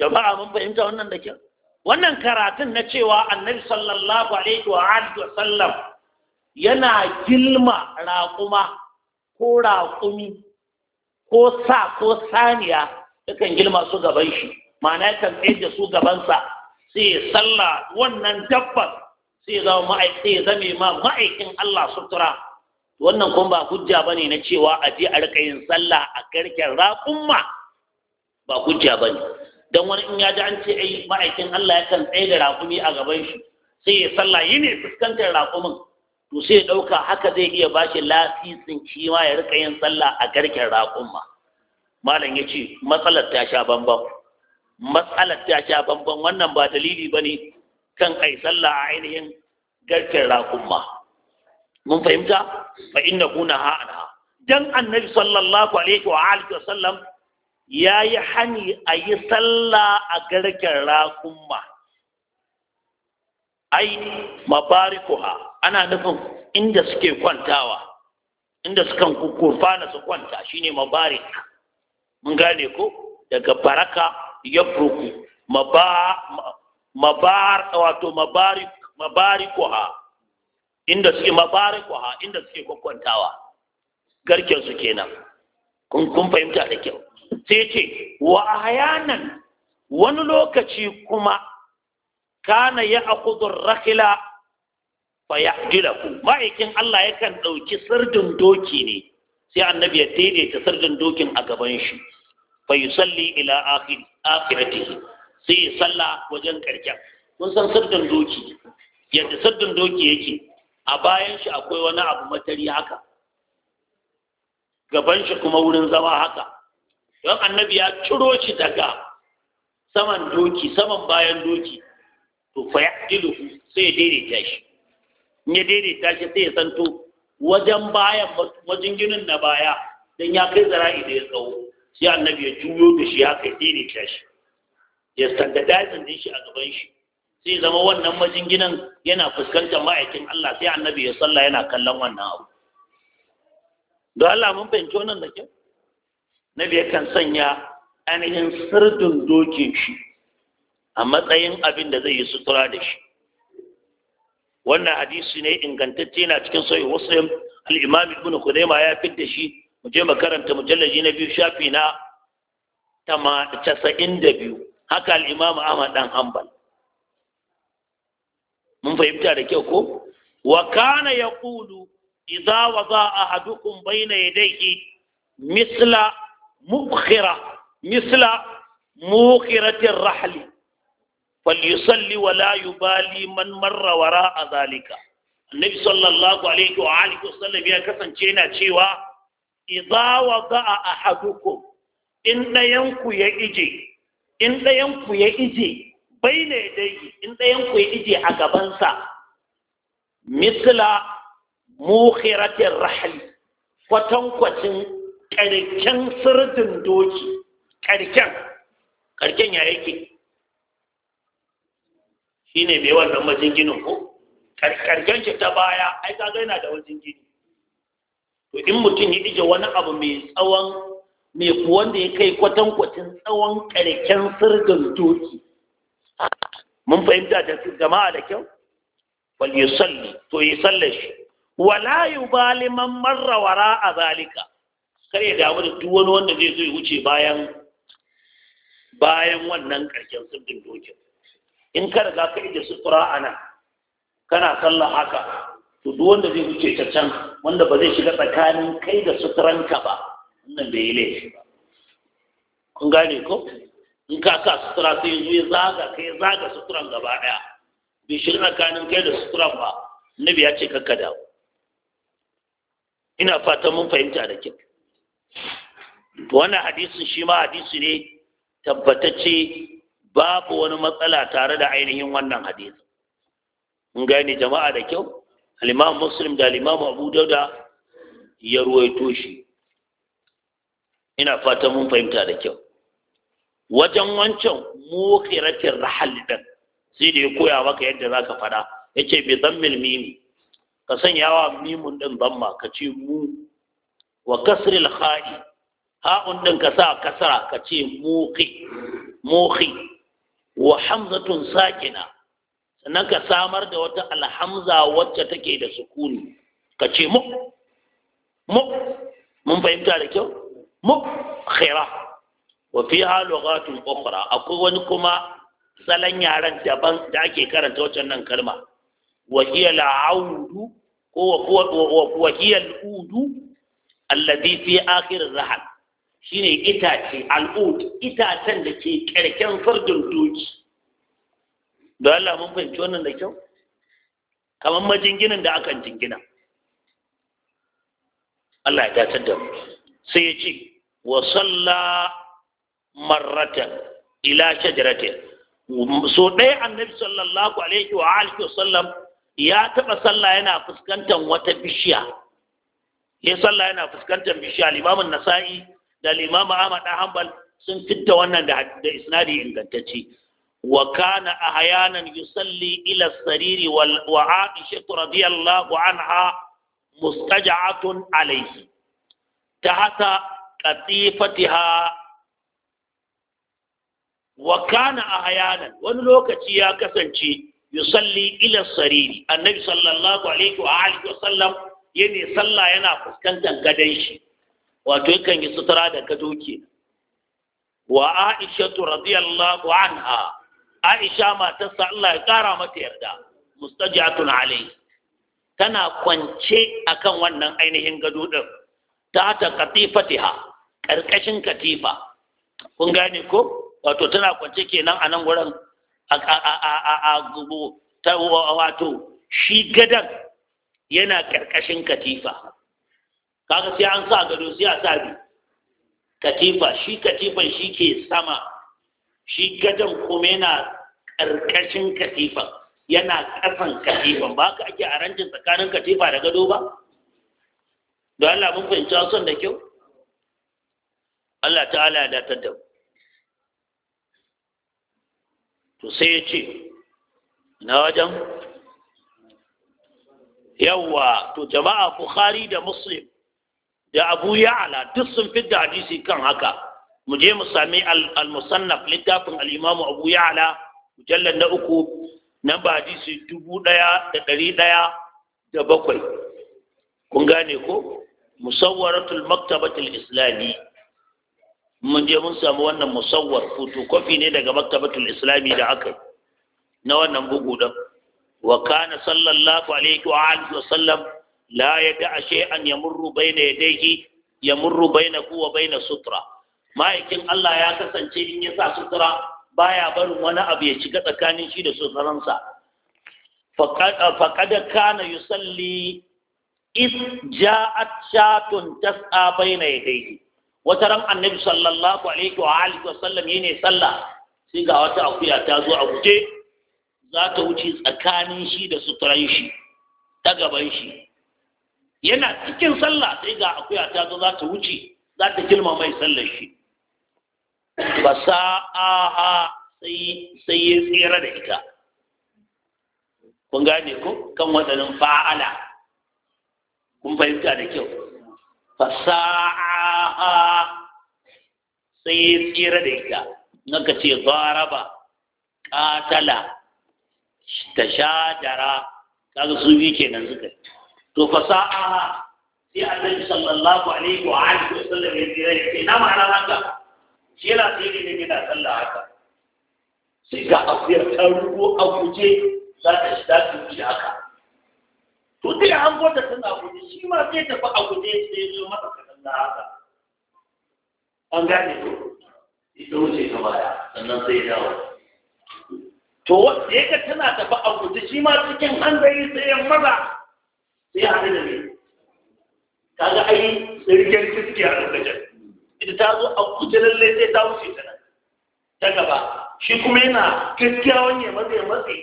jama'a mun fahimta wannan da kyau wannan karatun na cewa annabi sallallahu alaihi wa alihi wa sallam yana gilma raƙuma ko raƙumi ko sa ko saniya yakan girma su gaban shi ma'ana yakan tsaye da su gabansa sai ya salla wannan dabbar sai ya zama ma'aikin zame ma ma'aikin Allah sutura wannan kuma ba hujja bane na cewa a je a rika yin sallah a garken raƙumma ba hujja bane dan wani in ya ji an ce ai ma'aikin Allah yakan tsaye da raƙumi a gaban shi sai ya sallah yi ne fuskantar raƙumin to sai ɗauka haka zai iya ba shi lasisin shi ma ya rika yin sallah a garken raƙumma malam ya ce matsalar ta sha bambam matsalar ta sha bambam wannan ba dalili ba ne kan ai sallah a ainihin garken raƙumma mun fahimta fa inna kuna ha dan annabi sallallahu alaihi wa alihi wa sallam ya yi hani a yi sallah a garken raƙumma ai mabarikuha ana nufin inda suke kwantawa inda sukan kurfana su kwanta shine mabarik mun gane ko daga baraka yabruku mabar wato mabarik mabarikuha inda suke mabarikuha inda suke kwakwantawa garken su kenan kun kun fahimta da kyau sai ce wa ahyanan wani lokaci kuma kana ya akudur rakila fayahdilahu ma'aikin Allah yakan ɗauki sardin doki ne sai annabi ya daidaita sardin dokin a gaban shi fa yusalli ila akhiratihi sai salla wajen karken kun san sardin doki yadda sardin doki yake a bayan shi akwai wani abu matari haka gaban shi kuma wurin zama haka don annabi ya ciro shi daga saman doki saman bayan doki to fa sai ya daidaita shi in ya daidaita shi sai ya santo wajen bayan majinginin na baya don ya kai zara'i da ya tsawo sai annabi ya juyo da shi ya kai daidaita shi ya standardizing din shi a gaban shi sai zama wannan majinginan yana fuskantar ma'aikin Allah sai annabi ya sallah yana kallon wannan abu don Allah mun fahimci wannan da kyau nabi yakan sanya ainihin sirdin dokin shi a matsayin abin da zai yi sutura da shi wannan hadisi ne ingantacce na cikin sahih muslim al-imam ibn khudaima ya fitta shi mu je makaranta mujallaji na biyu shafi na 92 haka al-imam ahmad dan hanbal mun fahimta da kyau ko wa kana yaqulu idza wada ahadukum bayna yadayhi misla mukhira misla mukhiratir rahli falyusalli wa la yubali man marra wara a zalika annabi sallallahu alaihi wa alihi ya kasance yana cewa idza wada'a ahadukum in dayanku ya ije in dayanku ya ije baina dai in dayanku ya ije a gabansa misla mukhiratir rahli kwatankwacin karken sirdin doki karken karken ya yake Shi ne mai wannan majinginin ko karkarken ta baya ai kaga yana da gini to in mutum ya ije wani abu mai tsawon mai wanda ya kai kwatankwacin tsawon karken sirgan doki mun fahimta da jama'a da kyau wal yusalli to yi sallar shi wala yubali man marra a zalika kar ya damu da duk wanda zai zo ya wuce bayan wannan karken sirgan dokin in ka riga ka ije sutura a nan kana sallah haka to duk wanda zai wuce ta can wanda ba zai shiga tsakanin kai da suturanka ba wannan bai yi laifi ba kun gane ko in ka sa sutura sai yanzu ya zaga ka ya zaga suturan gaba ɗaya. bai shiga tsakanin kai da suturan ba na ya ce kakka dawo ina fatan mun fahimta da kyau wannan hadisin shi ma hadisi ne tabbatacce babu wani matsala tare da ainihin wannan hadisi mun gane jama'a da kyau al-imam muslim da al-imam abu dauda ya ruwaito shi ina fata mun fahimta da kyau wajen wancan muqiratir rahal din sai da ya koya maka yadda zaka fada yace bi zammil mimi ka sanya wa mimun din bamma, ka ce mu wa kasril kha'i ha'un din ka sa kasra ka ce muqi muqi wa hamzatun sakina sannan ka samar da wata alhamza wacce take da sukuni ka ce mu mu mun fahimta da kyau mu khaira wa fiha lughatun ukhra akwai wani kuma salon yaren daban da ake karanta wacce nan kalma wa hiya la'audu ko wa wa hiya al'udu alladhi fi akhir zahab shine itace al'ud itacen da ke ƙarƙen fardin doki da Allah mun fahimci wannan da kyau kamar majinginin da akan jingina Allah ya dace da mu sai ya ce wa salla marratan ila shajaratin so ɗaya annabi sallallahu alaihi wa alihi wa sallam ya taɓa sallah yana fuskantar wata bishiya ya sallah yana fuskantar bishiya limamin nasa'i da Imam Ahmad dan sun fitta wannan da da isnadi ingantacce wa kana ahyanan yusalli ila sariri wal wa Aisha radiyallahu anha mustaja'atun alayhi tahta qatifatiha wa kana ahyanan wani lokaci ya kasance yusalli ila sariri annabi sallallahu alaihi wa alihi wa sallam yana sallah yana fuskantar gadon shi wato yakan yi sutura da gado ke wa aisha radiyallahu anha aisha matarsa Allah ya kara mata yarda mustajatun alai tana kwance akan wannan ainihin gado din ta ta katifatiha karkashin katifa kun gane ko wato tana kwance kenan a nan gurin a a ta wato shi gadan yana karkashin katifa kaga sai an sa gado sai a sa bi katifa shi katifan shi ke sama shi gadon kuma yana ƙarƙashin katifan yana ƙasan katifan ba ka ake arancin tsakanin katifa da gado ba don Allah mun fahimci wasan da kyau Allah ta'ala ya datar da to sai ya ce na wajen yawwa to jama'a bukhari da muslim da abu ala duk sun da hadisi kan haka mu je mu sami al-musannaf littafin al-imamu abu ala mujallar na uku na ba hadisi dubu daya da dari daya da bakwai kun gane ko musawwaratul maktabatul islami mun je mun samu wannan musawwar fotokofi ne daga maktabatul islami da aka na wannan bugu da wa kana sallallahu alaihi wa alihi wa sallam la ya da ya murru bai na yadaihi ya murru bai na kuwa sutura ma'aikin Allah ya kasance in ya sa sutura baya barin wani abu ya shiga tsakanin shi da suturansa faƙad kana yusalli is ja'at shatun tas'a baina yadayhi wata ran annabi sallallahu alaihi wa alihi wa sallam sallah sai ga wata akuya ta zo a guje zata wuce tsakanin shi da suturan shi ta gaban shi yana cikin sallah sai ga akuya ta zo za ta wuce za ta kilma mai sallar shi ba sa'aha sai sai ya tsira da ita kun gane ku? kan waɗannan fa'ala kun fahimta da kyau fasa'a sai ya tsira da ita naka ce zaraba katala tashajara kaga su biyu kenan suka yi to fasaha sai annabi sallallahu alaihi wa alihi wa sallam ya jira ya ce na ma'ana haka shi yana sai ne yana sallah haka sai ga afiyar ta rubo a guje za ta shi ta tuki haka to dai an gwada a guje shi ma zai tafi a guje sai ya zo masa sallah haka an gane to ita wuce ta baya sannan sai ya dawo to wanda ya tana tafi a guje shi ma cikin hanzari sai ya maza sai ya haɗu da ga kaga ai tsirgen kiski a lokacin ita ta zo a kuce lallai sai ta wuce ta nan ta gaba shi kuma yana gaskiya wani ya matsaye matsaye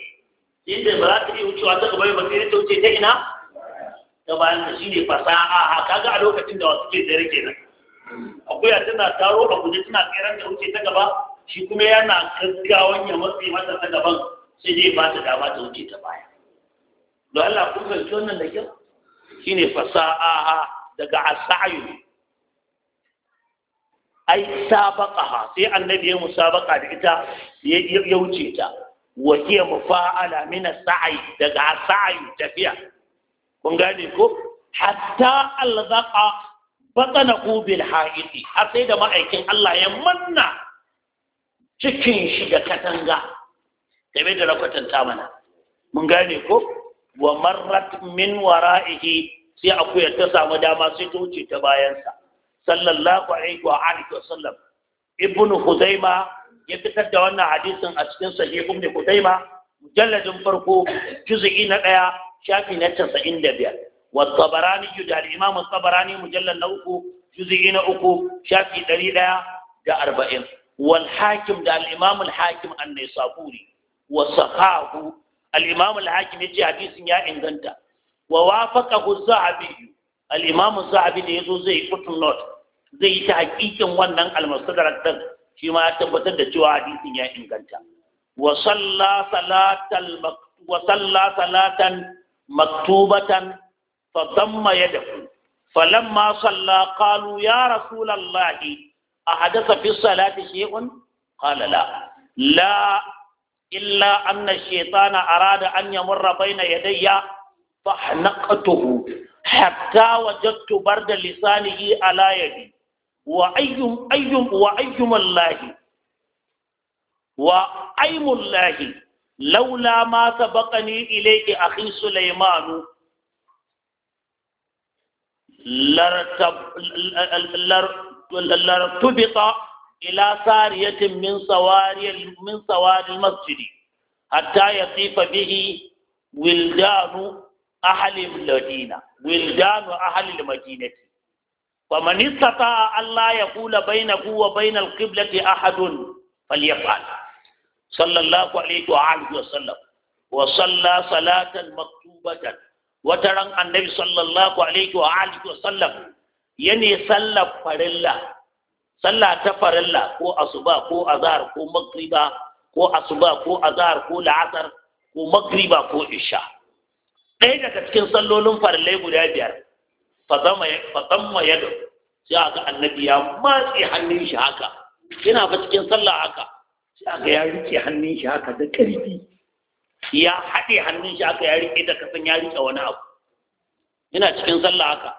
inda ba za ta iya wucewa ta gaba ba sai ta wuce ta ina ta bayan shi ne fasaha a ga a lokacin da wasu ke tsere kenan akuya tana taro a guje tana tseren da wuce ta gaba shi kuma yana gaggawan ya matsaye mata ta gaban sai zai ba ta dama ta wuce ta baya don Allah kun fahimci wannan da kyau shine fasaha daga asayu ai sabaqaha sai annabi ya musabaqa da ita ya yauce ta wa hiya mufa'ala min as-sa'i daga asayu tafiya kun gane ko hatta alzaqa batanahu bil ha'iti har sai da ma'aikin Allah ya manna cikin shi da katanga game da rakwatanta mana mun gane ko wa marrat min wara'ihi sai akuyar ta samu dama sai ta wuce ta bayansa sallallahu alaihi wa alihi wa sallam ibn hudaima ya fitar da wannan hadisin a cikin sahih ibn hudaima mujalladin farko juz'i na daya shafi na 95 wa tabarani da imam tabarani mujallad na uku juz'i na uku shafi 140 wal hakim da al-imam al-hakim an-nisaburi wa sahahu al-imam al hadisin ya inganta wa wafaqahu zahabi al-imam zahabi da yazo zai zai yi ta hakikin wannan al-mustadrak din shi ma ya tabbatar da cewa hadisin ya inganta wa salla salatal wa salla salatan maktubatan fa damma yadahu falamma salla qalu ya rasulallahi ahadatha fi salati إلا أن الشيطان أراد أن يمر بين يدي فحنقته حتى وجدت برد لسانه على يدي وأيم أيم وأيم الله وأيم الله لولا ما سبقني إليه أخي سليمان لرتب لرتبط ila sariyatin min sawari min sawari masjid hatta yasifa bihi wildanu ahli madina wildanu ahli madinati faman istata Allah ya kula bainahu wa bainal qiblati ahadun falyaf'al sallallahu alaihi wa wa sallam wa salla salatan maktubatan wataran annabi sallallahu alaihi wa wa sallam sallar farilla sallah ta farilla ko asuba ko azhar ko magriba ko asuba ko azhar ko la'asar ko magriba ko isha ɗaya daga cikin sallolin farillai guda biyar fa zama yadda sai aka annabi ya matse hannun shi haka yana fa cikin sallah haka sai aka ya rike hannun shi haka da ƙarfi ya haɗe hannun shi haka ya rike da kasan ya rike wani abu yana cikin sallah haka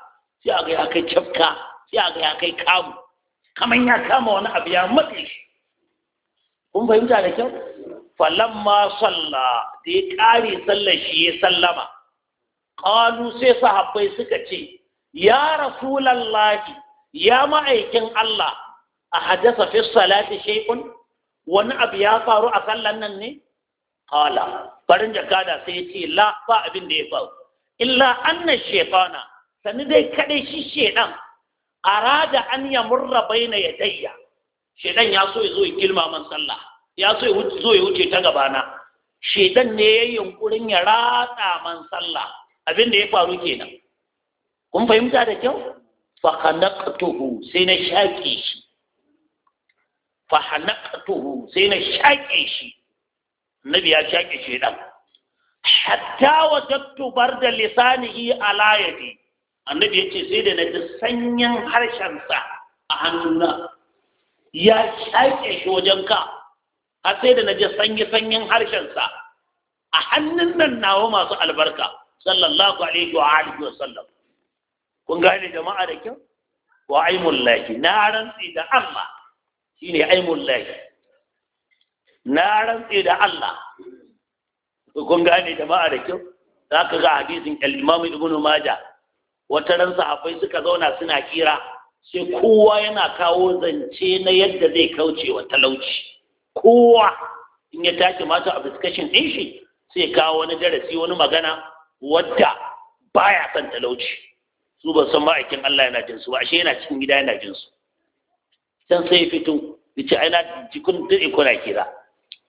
sai aka ya kai cafka sai aka ya kai kamu kamar ya kama wani abu ya matse shi kun fahimta da kyau falamma salla da ya kare sallar shi ya sallama qalu sai sahabbai suka ce ya rasulallahi ya ma'aikin Allah a haddasa fi salati shay'un wani abu ya faru a sallan nan ne qala farin jakada sai ya ce la ba abin da ya faru illa anna shaytana sani dai kadai shi shaydan arada an murra baina yadayya shedan ya so ya zo ya kilma man sallah ya so ya zo ya wuce ta gabana shedan ne ya yunkurin ya ratsa man sallah abin da ya faru kenan kun fahimta da kyau fa hanaqtuhu sai na shaƙe shi fa hanaqtuhu sai na shaƙe shi nabi ya shaƙe shedan hatta wajadtu barda lisanihi ala yadi annabi ya ce sai da na ji sanyin harshensa a hannuna ya shaƙe shi wajen ka har sai da na ji sanyi-sanyin harshensa a hannun nan nawa masu albarka sallallahu alaihi wa alihi wa sallam kun gane jama'a da kyau wa aimul lahi na rantsi da Allah shine aimul lahi na rantsi da Allah kun gane jama'a da kyau Za ka ga hadisin al-Imam Ibn Majah wata ran sahabbai suka zauna suna kira sai kowa yana kawo zance na yadda zai kauce wa talauci kowa in ya tashi mata a discussion ɗin shi sai kawo wani darasi wani magana wadda baya son talauci su ba san ma'aikin Allah yana jin su ba ashe yana cikin gida yana jin su can sai fito yace ai na jikun dade kuna kira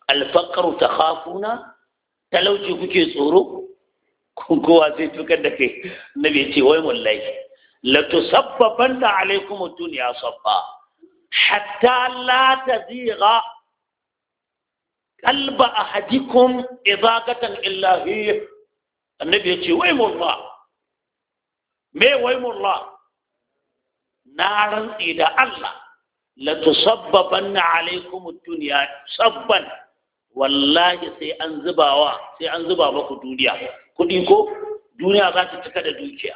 ta takhafuna talauci kuke tsoro kowa zai tukar da kai nabi ce wai mullai la tusabbabanna alaikum duniya sabba hatta la tazigha qalba ahadikum idaqatan ibagatan illahi. annabi ya ce wai mullah me wai mullah na rantsi da Allah la tusabbabanna alaikum duniya dunya sabban wallahi sai an zubawa sai an zuba maku duniya kuɗi ko duniya za ta cika da dukiya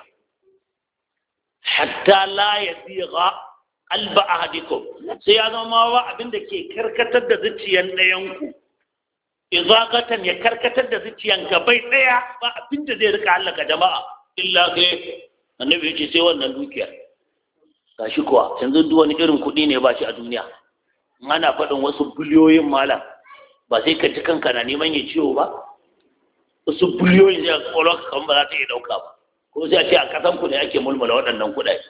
hatta la ya siga alba ahadikum sai ya zama wa abin da ke karkatar da zuciyan ɗayan ku izaqatan ya karkatar da zuciyan gabai ɗaya ba abin da zai rika halaka jama'a illa sai annabi ya ce sai wannan dukiya gashi kuwa yanzu duk wani irin kuɗi ne ba shi a duniya ana faɗin wasu biliyoyin mala ba sai ka ji kanka na neman ya ciwo ba wasu biliyoyin a kwallon kan ba za ta iya dauka ba ko sai a ce a kasan ku ne ake mulmula waɗannan kuɗaɗe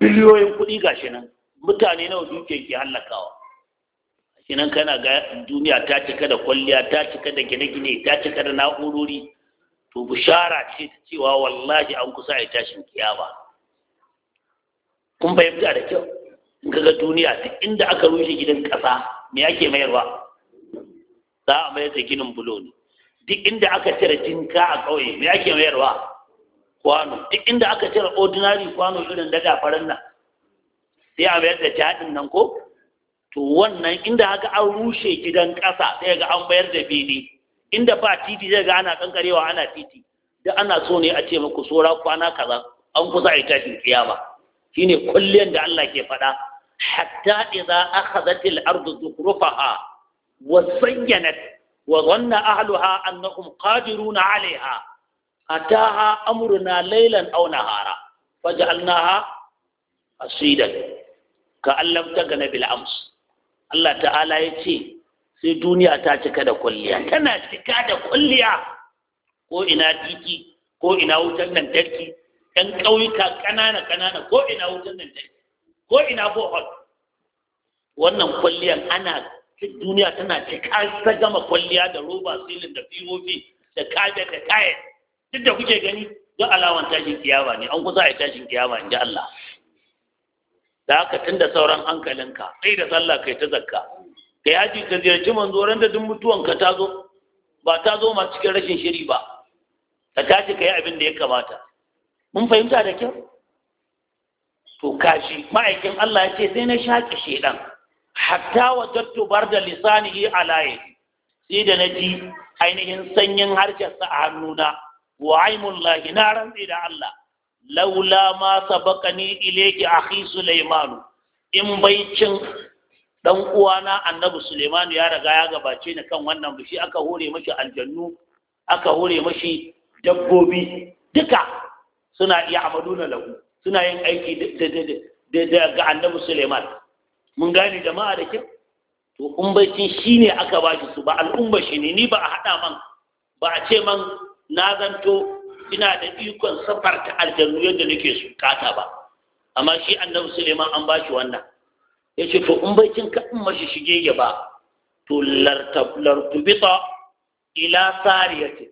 biliyoyin kuɗi ga shi nan mutane nawa duke ke hallakawa shi nan kana ga duniya ta cika da kwalliya ta cika da gine-gine ta cika da na'urori to bishara ce ta cewa wallahi an kusa a tashin kiyama kun fahimta da kyau in kaga duniya duk inda aka rushe gidan ƙasa me ake mayarwa za a mayar da ginin bulo ne duk inda aka cire jinka a ƙauye me ake mayarwa kwano duk inda aka cire ordinary kwano irin daga faran nan sai a mayar da jaɗin nan ko to wannan inda haka an rushe gidan ƙasa sai ga an mayar da fili inda ba titi zai ga ana kankarewa ana titi duk ana so ne a ce maku sora kwana kaza an kusa a yi tashin kiyama shine kullum da Allah ke faɗa hatta idza zati al-ardu zukhrufaha وزينت وظن أهلها أنهم قادرون عليها أتاها أمرنا ليلا أو نهارا فجعلناها أسيدا كأن لم تكن بالأمس الله تعالى يتي sai duniya ta cika da kwalliya tana cika da kwalliya ko ina titi ko ina wutar lantarki ɗan ƙauyuka ƙanana ƙanana ko ina wutar lantarki ko ina bohol wannan kwalliyan ana cikin duniya tana cika ta gama kwalliya da roba silin da pop da kada da kayan duk da kuke gani duk alawan tashin kiyama ne an kusa a tashin kiyama in ji Allah da haka tun da sauran hankalinka sai da sallah kai ta zakka ka yaji ka ziyarci manzo ran da duk mutuwanka ta zo ba ta zo ma cikin rashin shiri ba ka tashi ka yi abin da ya kamata mun fahimta da kyau to kashi ma'aikin Allah ya ce sai na shaƙi shedan hatta wajattu barda lisanihi alaye sai da na ji ainihin sanyin harshensa a hannuna wa aimullahi na rantsi da Allah laula ma sabaqani ilayki akhi sulaiman in bai cin dan uwana annabi sulaiman ya riga ya gabace ni kan wannan bishi aka hore mashi aljannu aka hore mashi dabbobi duka suna iya amaduna lahu suna yin aiki da ga annabi Sulaiman mun gane jama'a da kyau to umbacin shi ne aka ba shi su ba al'umma shi ne ni ba a haɗa man ba a ce man na zanto ina da ikon safar ta aljannu yadda nake su kata ba amma shi annabi suleiman an ba shi wannan ya ce to umbacin ka in mashi shige ya ba to lartubita ila sariyati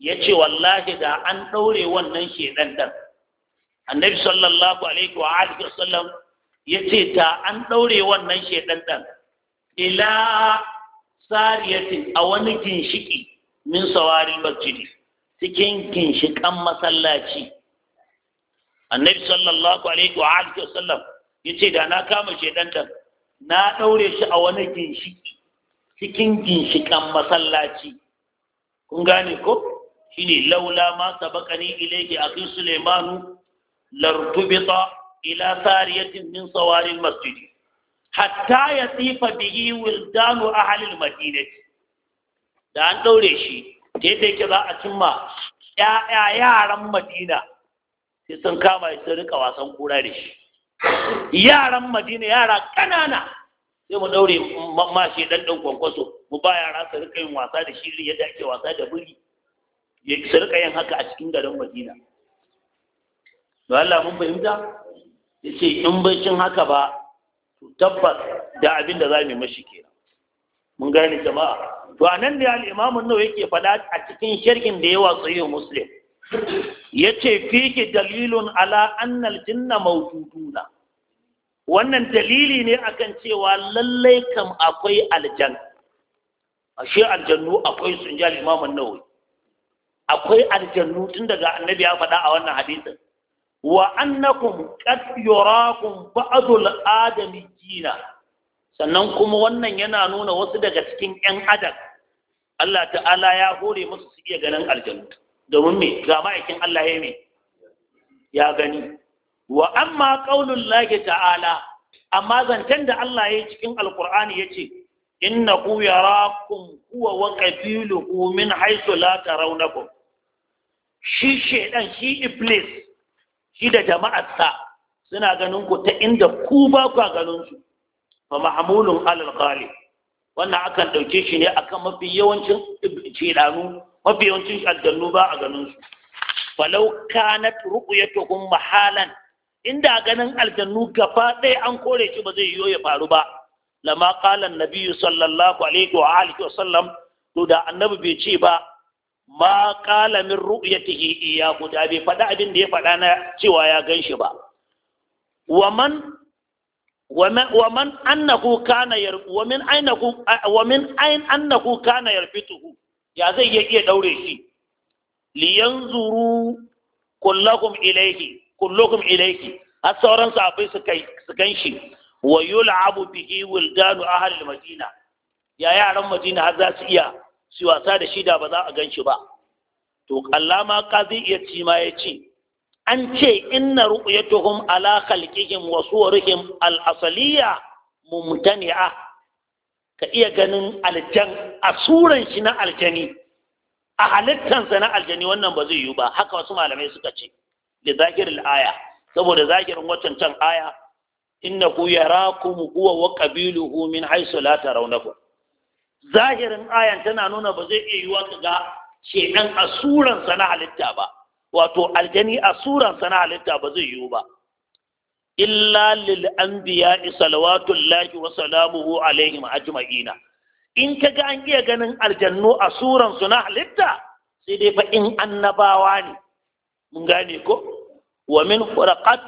ya ce wallahi da an ɗaure wannan shedan dan annabi sallallahu alaihi wa alihi wasallam ya ce ta an ɗaure wannan shaidan ɗan ila sariyatin a wani ginshiki min sawari masjidi cikin ginshikan masallaci annabi sallallahu alaihi wa alihi wasallam ce da na kama shaidan dan na ɗaure shi a wani ginshiki cikin ginshikan masallaci kun gane ko shine laula ma sabaqani ilayki akhi sulaimanu lartubita ila sariyatin من صوار masjidi hatta ya tsifa ولدان wildanu ahalil دان da an ɗaure shi ta yadda يا za a cimma ‘ya'ya yaran madina sai sun kama ya rika wasan kura da shi yaran madina yara ƙanana sai mu ɗaure mashi ɗanɗan kwankwaso mu ba yara su rika yin wasa da shi yadda ake wasa da buri su rika yin haka a cikin garin madina da Allah mun fahimta yace in bai cin haka ba to tabbas da abin da zamu mashi ke. mun gane jama'a to anan ne al-imamu nawawi yake faɗa a cikin sharhin da yawa sahih muslim yace fiki dalilun ala anna al-jinna mawjuduna wannan dalili ne akan cewa lallai kam akwai aljan ashe aljannu akwai sun ji al akwai aljannu tun daga annabi ya faɗa a wannan hadisin wa annakum qad yurakum ba'dul jina, sannan kuma wannan yana nuna wasu daga cikin ƴan adam Allah ta'ala ya hore musu su iya ganin aljanna domin me ga ma'aikin Allah ya me ya gani wa amma qaulul lahi ta'ala amma zancen da Allah ya cikin alqur'ani yace innahu kuwa huwa wa qabiluhu min haythu la tarawnahum shi shedan shi iblis shi da jama'arsa suna ganin ku ta inda ku ba ku ganin su Ba mahmulun alal ghalib wannan akan dauke shi ne akan mafi yawancin cidanu mafi yawancin addannu ba a ganin su falau kanat ruqyatuhum mahalan inda ganin aljannu gaba ɗaya an kore shi ba zai yiwu ya faru ba lama qala sallallahu alaihi wa alihi wa sallam to da annabi bai ce ba ma ƙala min ru'yatihi iyyahu da bai faɗa abin da ya faɗa na cewa ya ganshi ba wa man wa man annahu kana yar wa min ainahu wa min ain annahu kana yarfituhu ya zai iya iya daure shi li yanzuru kullakum ilayhi kullukum ilayhi har sauran sahabbai su kai su ganshi wa yul'abu bihi wildanu ahli madina ya yaran madina har za su iya su wasa da shi da ba za a gan shi ba to ka zai iya ci ma ya ce an ce inna ru'yatuhum ala khalqihim wa suwarihim al-asaliya mumtani'a ka iya ganin aljan a suran shi na aljani a halittansa na aljani wannan ba zai yi ba haka wasu malamai suka ce da zahirin aya saboda zahirin can aya innahu yarakum huwa wa qabiluhu min haythu la tarawnakum zahirin ayan tana nuna ba zai iya yiwuwa ka ga shedan a suransa na halitta ba wato aljani a na halitta ba zai yiwu ba illa lil anbiya salawatullahi wa salamuhu alaihim ajma'ina in ka ga an iya ganin aljannu a na halitta sai dai fa in annabawa ne mun gane ko wa min furqat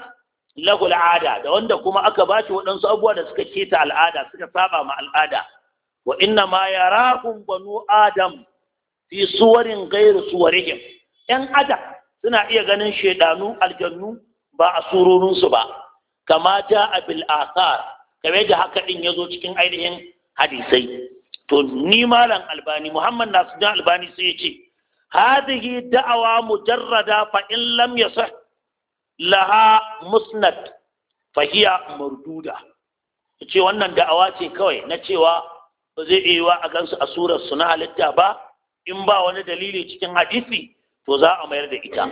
lahu al'ada da wanda kuma aka bashi waɗansu abubuwa da suka keta al'ada suka saba ma al'ada wa inna ma yarahum banu adam fi suwarin ghairu suwarihim yan adam suna iya ganin shedanu aljannu ba a surorinsu su ba kama ja abil athar kamar da haka din yazo cikin ainihin hadisai to ni malam albani muhammad nasiruddin albani sai yace ce hadhihi da'awa mujarrada fa in lam yasah laha musnad fahiya marduda ce wannan da'awa ce kawai na cewa ba zai iya yiwa a gansu a surar su na halitta ba in ba wani dalili cikin hadisi to za a mayar da ita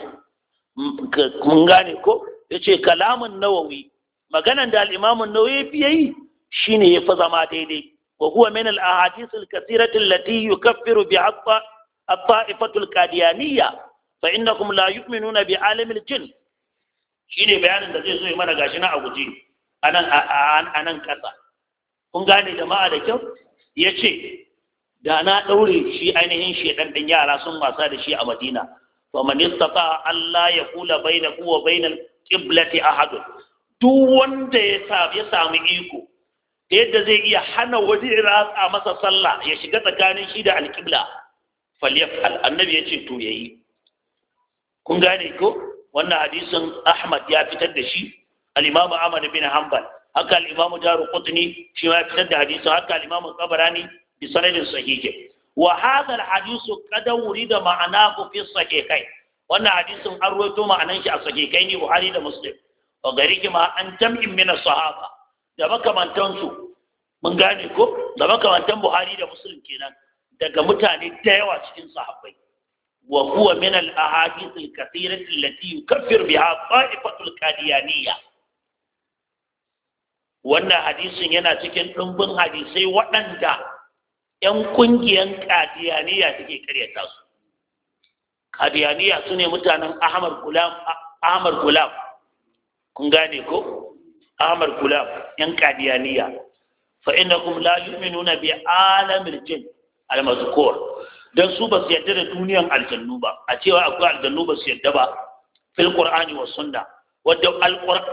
mun gane ko ya ce kalamun nawawi maganan da al'imamun nawawi fiye yi shine ya fi zama daidai wa huwa min al-ahadith al-kathirati allati yukaffiru bi at-ta'ifatu al-qadiyaniyya fa innakum la yu'minuna bi al shine bayanin da zai zo mana gashi na a guji anan anan kasa kun gane jama'a da kyau ya ce da na ɗaure shi ainihin shaidan ɗin yara sun wasa da shi a madina wa man Allah ya kula bainaku wa bainal qiblati ahad duk wanda ya ya samu iko ta yadda zai iya hana wani ratsa masa sallah ya shiga tsakanin shi da alƙibla falyafal annabi ya ce to yayi kun gane ko wannan hadisin Ahmad ya fitar da shi al Ahmad bin Hanbal haka al-imamu daru qutni shi ma ya fitar da hadisin haka al-imamu qabrani bi sanadin sahihi wa hadha al wuri da ma'ana ma'anahu fi kai. wannan hadisin an rawaito ma'anan shi a ne buhari da muslim wa gariki ma an jam'in min as-sahaba da su. mun gane ko da makamantan buhari da muslim kenan daga mutane da yawa cikin sahabbai wa huwa min al-ahadith al-kathirah allati yukaffir biha ta'ifatul qadiyaniyah wannan hadisin yana cikin ɗumbin hadisai waɗanda 'yan ƙungiyar kadiyaniya suke karyata su kadiyaniya su ne mutanen ahmar gulam kun gane ko ahmar gulam 'yan kadiyaniya fa kuma, la nuna bi alamil jin almazukowar Don su ba su yarda da duniyar aljannu ba a cewa akwai aljannu ba su yarda ba fil ƙur'ani wa sunna wadda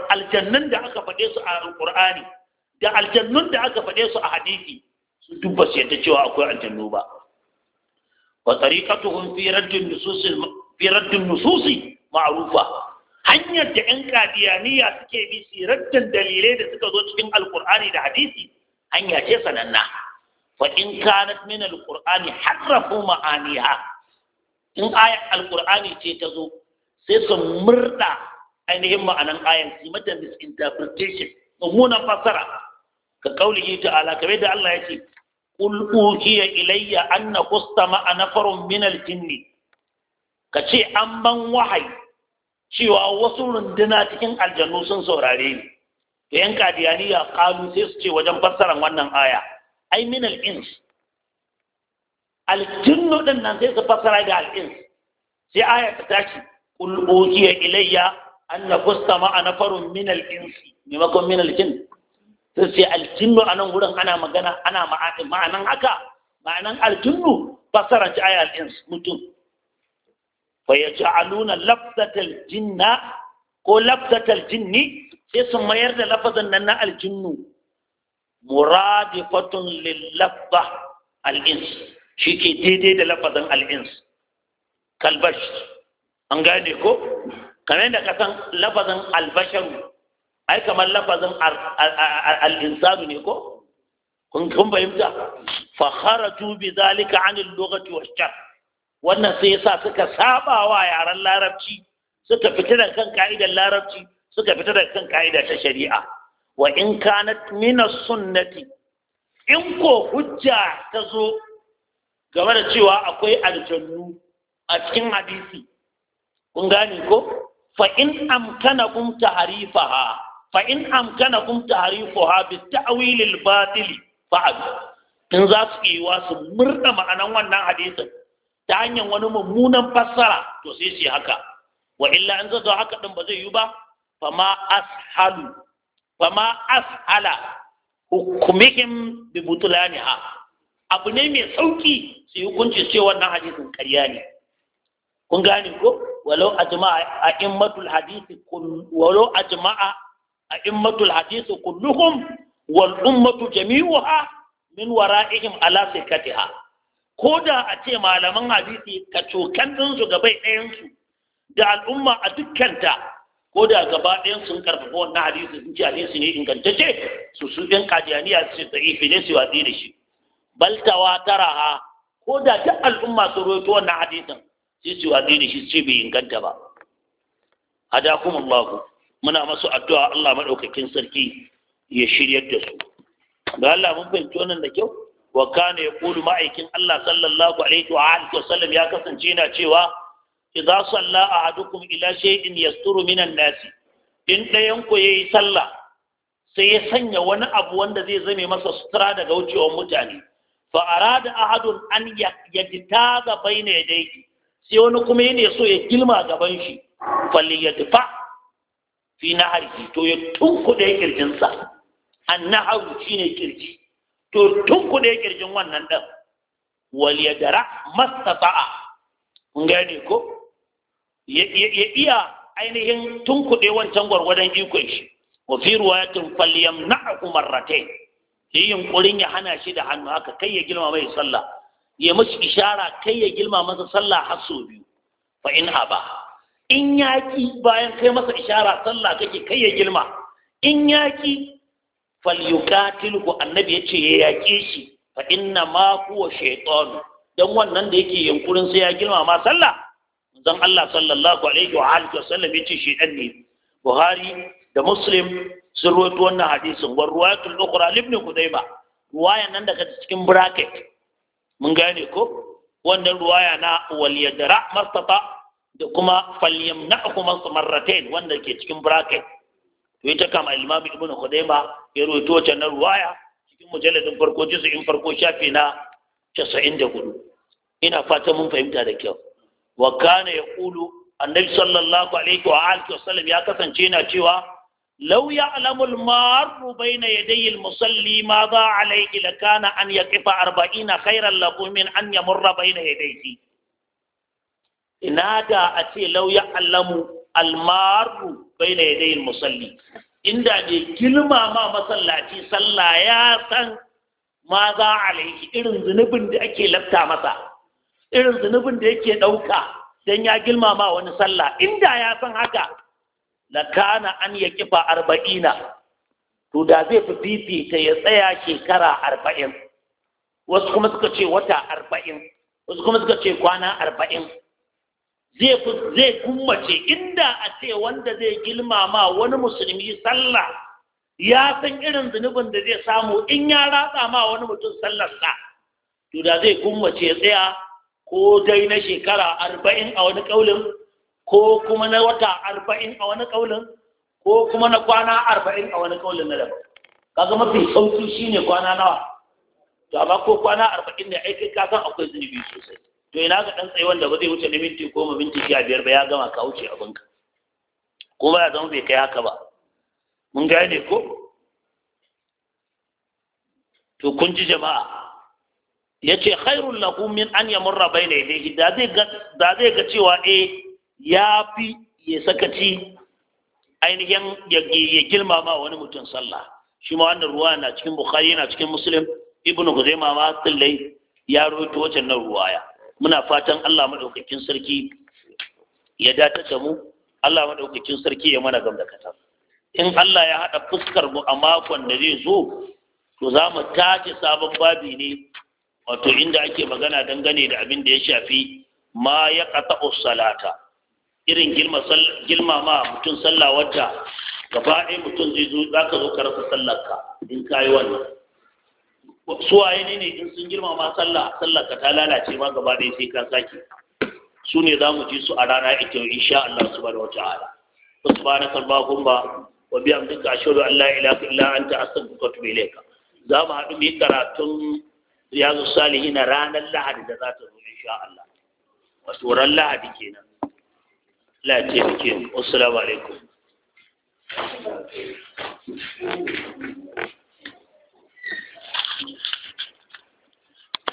aljannun da aka faɗe su a alƙur'ani da aljannun da aka faɗe su a hadisi sun dubba su yadda cewa akwai aljannu ba wa tariqatuhum fi raddin nusus fi raddin nususi ma'rufa hanyar da ƴan qadiyaniya suke bi su raddin dalilai da suka zo cikin alƙur'ani da hadisi hanya ce sananna fa in kanat min alƙur'ani harrafu ma'aniha in ayat alƙur'ani ce ta zo sai su murda ainihin ma'anan ayan su mata misinterpretation mummunan fassara ka kaulihi ta'ala kamar da Allah ya ce qul uhiya ilayya anna qustama anafarun min al ka ce an ban wahayi cewa wasu runduna cikin aljannu sun saurare ni to yan kadiyaniya kalu sai su ce wajen fassaran wannan aya ai min al-ins al nan sai su fassara da al-ins sai aya ta tashi qul uhiya ilayya an na a na farin minal insi maimakon minal jin sun sai aljinnu a nan wurin ana magana ana ma'anan haka ma'anan aljinnu fasara ci ayal ins mutum fa ya ja'aluna lafzatal jinna ko lafzatal jinni sai sun mayar da lafazan nan na aljinnu muradifatun lil lafza al ins shike daidai da lafazan al ins kalbash an gane ko kamar yadda kasan lafazin albasharu ai kamar lafazin al'insanu ne ko kun fahimta fa bi zalika an lughati wannan sai yasa suka saba wa yaran larabci suka fita da kan ka'idar larabci suka fita da kan ka'ida ta shari'a wa in kanat min sunnati in ko hujja ta zo game da cewa akwai aljannu a cikin hadisi kun gane ko fa in amkanakum tahrifaha fa in amkanakum tahrifuha bi ta'wil batil fa'al in za su yi wa su murda ma'anan wannan hadisin ta hanyar wani mummunan fassara to sai su haka wa illa an zato haka din ba zai yi ba fama ashalu fama ashala hukumihim bi abu ne mai sauki su yi hukunci cewa wannan hadisin ƙarya ne kun gane ko walau a a'immatul hadisi walau a a'immatul hadisi kulluhum wal ummatu jami'uha min wara'ihim ala sikatiha ko da a ce malaman hadisi ka cokan ɗinsu gabai ɗayansu da al'umma a dukkan ta, ko da gaba ɗayan sun karfafa wannan hadisi sun ce hadisi ne ingantacce su su ɗin kadiyaniya su da ife ne su watsi da shi bal tawatara ha ko da duk al'umma su roto wannan hadisin sai su watsi da shi sai bai inganta ba hadakum Allah muna masu addu'a Allah madaukakin sarki ya shiryar da su da Allah mun fahimci wannan da kyau wa kana yaqulu ma'aikin Allah sallallahu alaihi wa alihi wasallam ya kasance yana cewa idza salla ahadukum ila shay'in yasturu minan nasi in dayan ku yayi sallah sai ya sanya wani abu wanda zai zame masa sutura daga wucewar mutane fa arada ahadun an na ya yadayhi sai wani kuma yana so ya gilma gaban shi falli ya tufa fi na harki to ya tunkuɗe kirjinsa an na haru shi ne kirji to tunkuɗe kirjin wannan ɗan wali ya dara mastata'a kun gane ko ya iya ainihin tunkuɗe wancan gwargwadon ikon shi wa fi ruwayatin na'a kuma marratain yi yunkurin ya hana shi da hannu haka kai ya gilma mai sallah ya mashi ishara kai ya girma masa sallah har sau biyu fa in aba in ya bayan kai masa ishara sallah kake kai ya girma in ya ki falyuqatilhu annabi yace ya yaƙe shi fa inna ma huwa shaytan dan wannan da yake yankurin sai ya girma ma sallah zan Allah sallallahu alaihi wa alihi wasallam yace shaytan ne Buhari da Muslim sun rawaito wannan hadisin war ruwayatul ukhra ibn Qudayba ruwayan nan daga cikin bracket mun gane ko wannan ruwaya na wal yadra da kuma falyamna'hu man marratayn wanda ke cikin bracket to ita kama alimami imam ibn khudaima ya rawaito ta na ruwaya cikin mujalladin farko in farko shafi na 94 ina fata mun fahimta da kyau wa kana yaqulu annabi sallallahu alaihi wa alihi wasallam ya kasance yana cewa لو يعلم المار بين يدي المصلي ماذا عليه لكان أن يقف أربعين خيرا له من أن يمر بين يديه إنادى أتي لو يعلم المار بين يدي المصلي إن دي كلمة ما مصلاتي صلى يا سن ماذا عليه إرن ذنبن دي أكي لبتا مسا إرن ذنبن دي أكي دوكا دنيا كلمة ما ونصلى إن دا يا سن هكا lakana an ya kifa arba'ina to da zai fi fifita ya tsaya shekara arba'in wasu kuma suka ce wata arba'in wasu kuma suka ce kwana arba'in zai kummace inda a ce wanda zai girmama wani musulmi sallah ya san irin zunubin da zai samu in ya ratsa ma wani mutum sallarsa to da zai kummace ya tsaya ko dai na shekara arba'in a wani ƙaulin ko kuma na wata arba'in a wani ƙaunin ko kuma na kwana arba'in a wani ƙaunin na daban kaga mafi shi ne kwana nawa to amma ko kwana arba'in ne aikai ka san akwai zunubi sosai to ina ga ɗan tsaye wanda ba zai wuce na minti ko ma minti sha biyar ba ya gama ka wuce abinka ko ba ya zama bai kai haka ba mun gane ko to kun ji jama'a ya ce khairun lahu min an yamurra bayna yadayhi da zai ga da zai ga cewa eh ya fi ya sakaci ainihin ya girmama wani mutum sallah shi ma wannan ruwa na cikin bukhari na cikin muslim ibn huzaima ma tsillai ya rubuta wacan nan ruwaya muna fatan Allah maɗaukakin sarki ya ta mu Allah maɗaukakin sarki ya mana gam da kata in Allah ya haɗa fuskar mu a makon da zai zo to za mu tace sabon babi ne wato inda ake magana dangane da abin da ya shafi ma ya ƙata'u salata irin ma mutum sallah wadda gaba ɗaya mutum zai zo za ka zo ka rasa sallarka in ka yi wannan su waye ne ne in sun girmama sallah ka ta lalace ma gaba ɗaya sai ka sake su ne za mu ji su a rana ita yau insha Allah subhanahu kalba kun ba wa duka ashhadu Allah la ilaha illa anta astaghfiruka wa atubu ilayka za mu haɗu mu yi karatun riyadu salihin ranar lahadi da za ta zo insha Allah wato ran lahadi kenan Allah ya taimake mu assalamu alaikum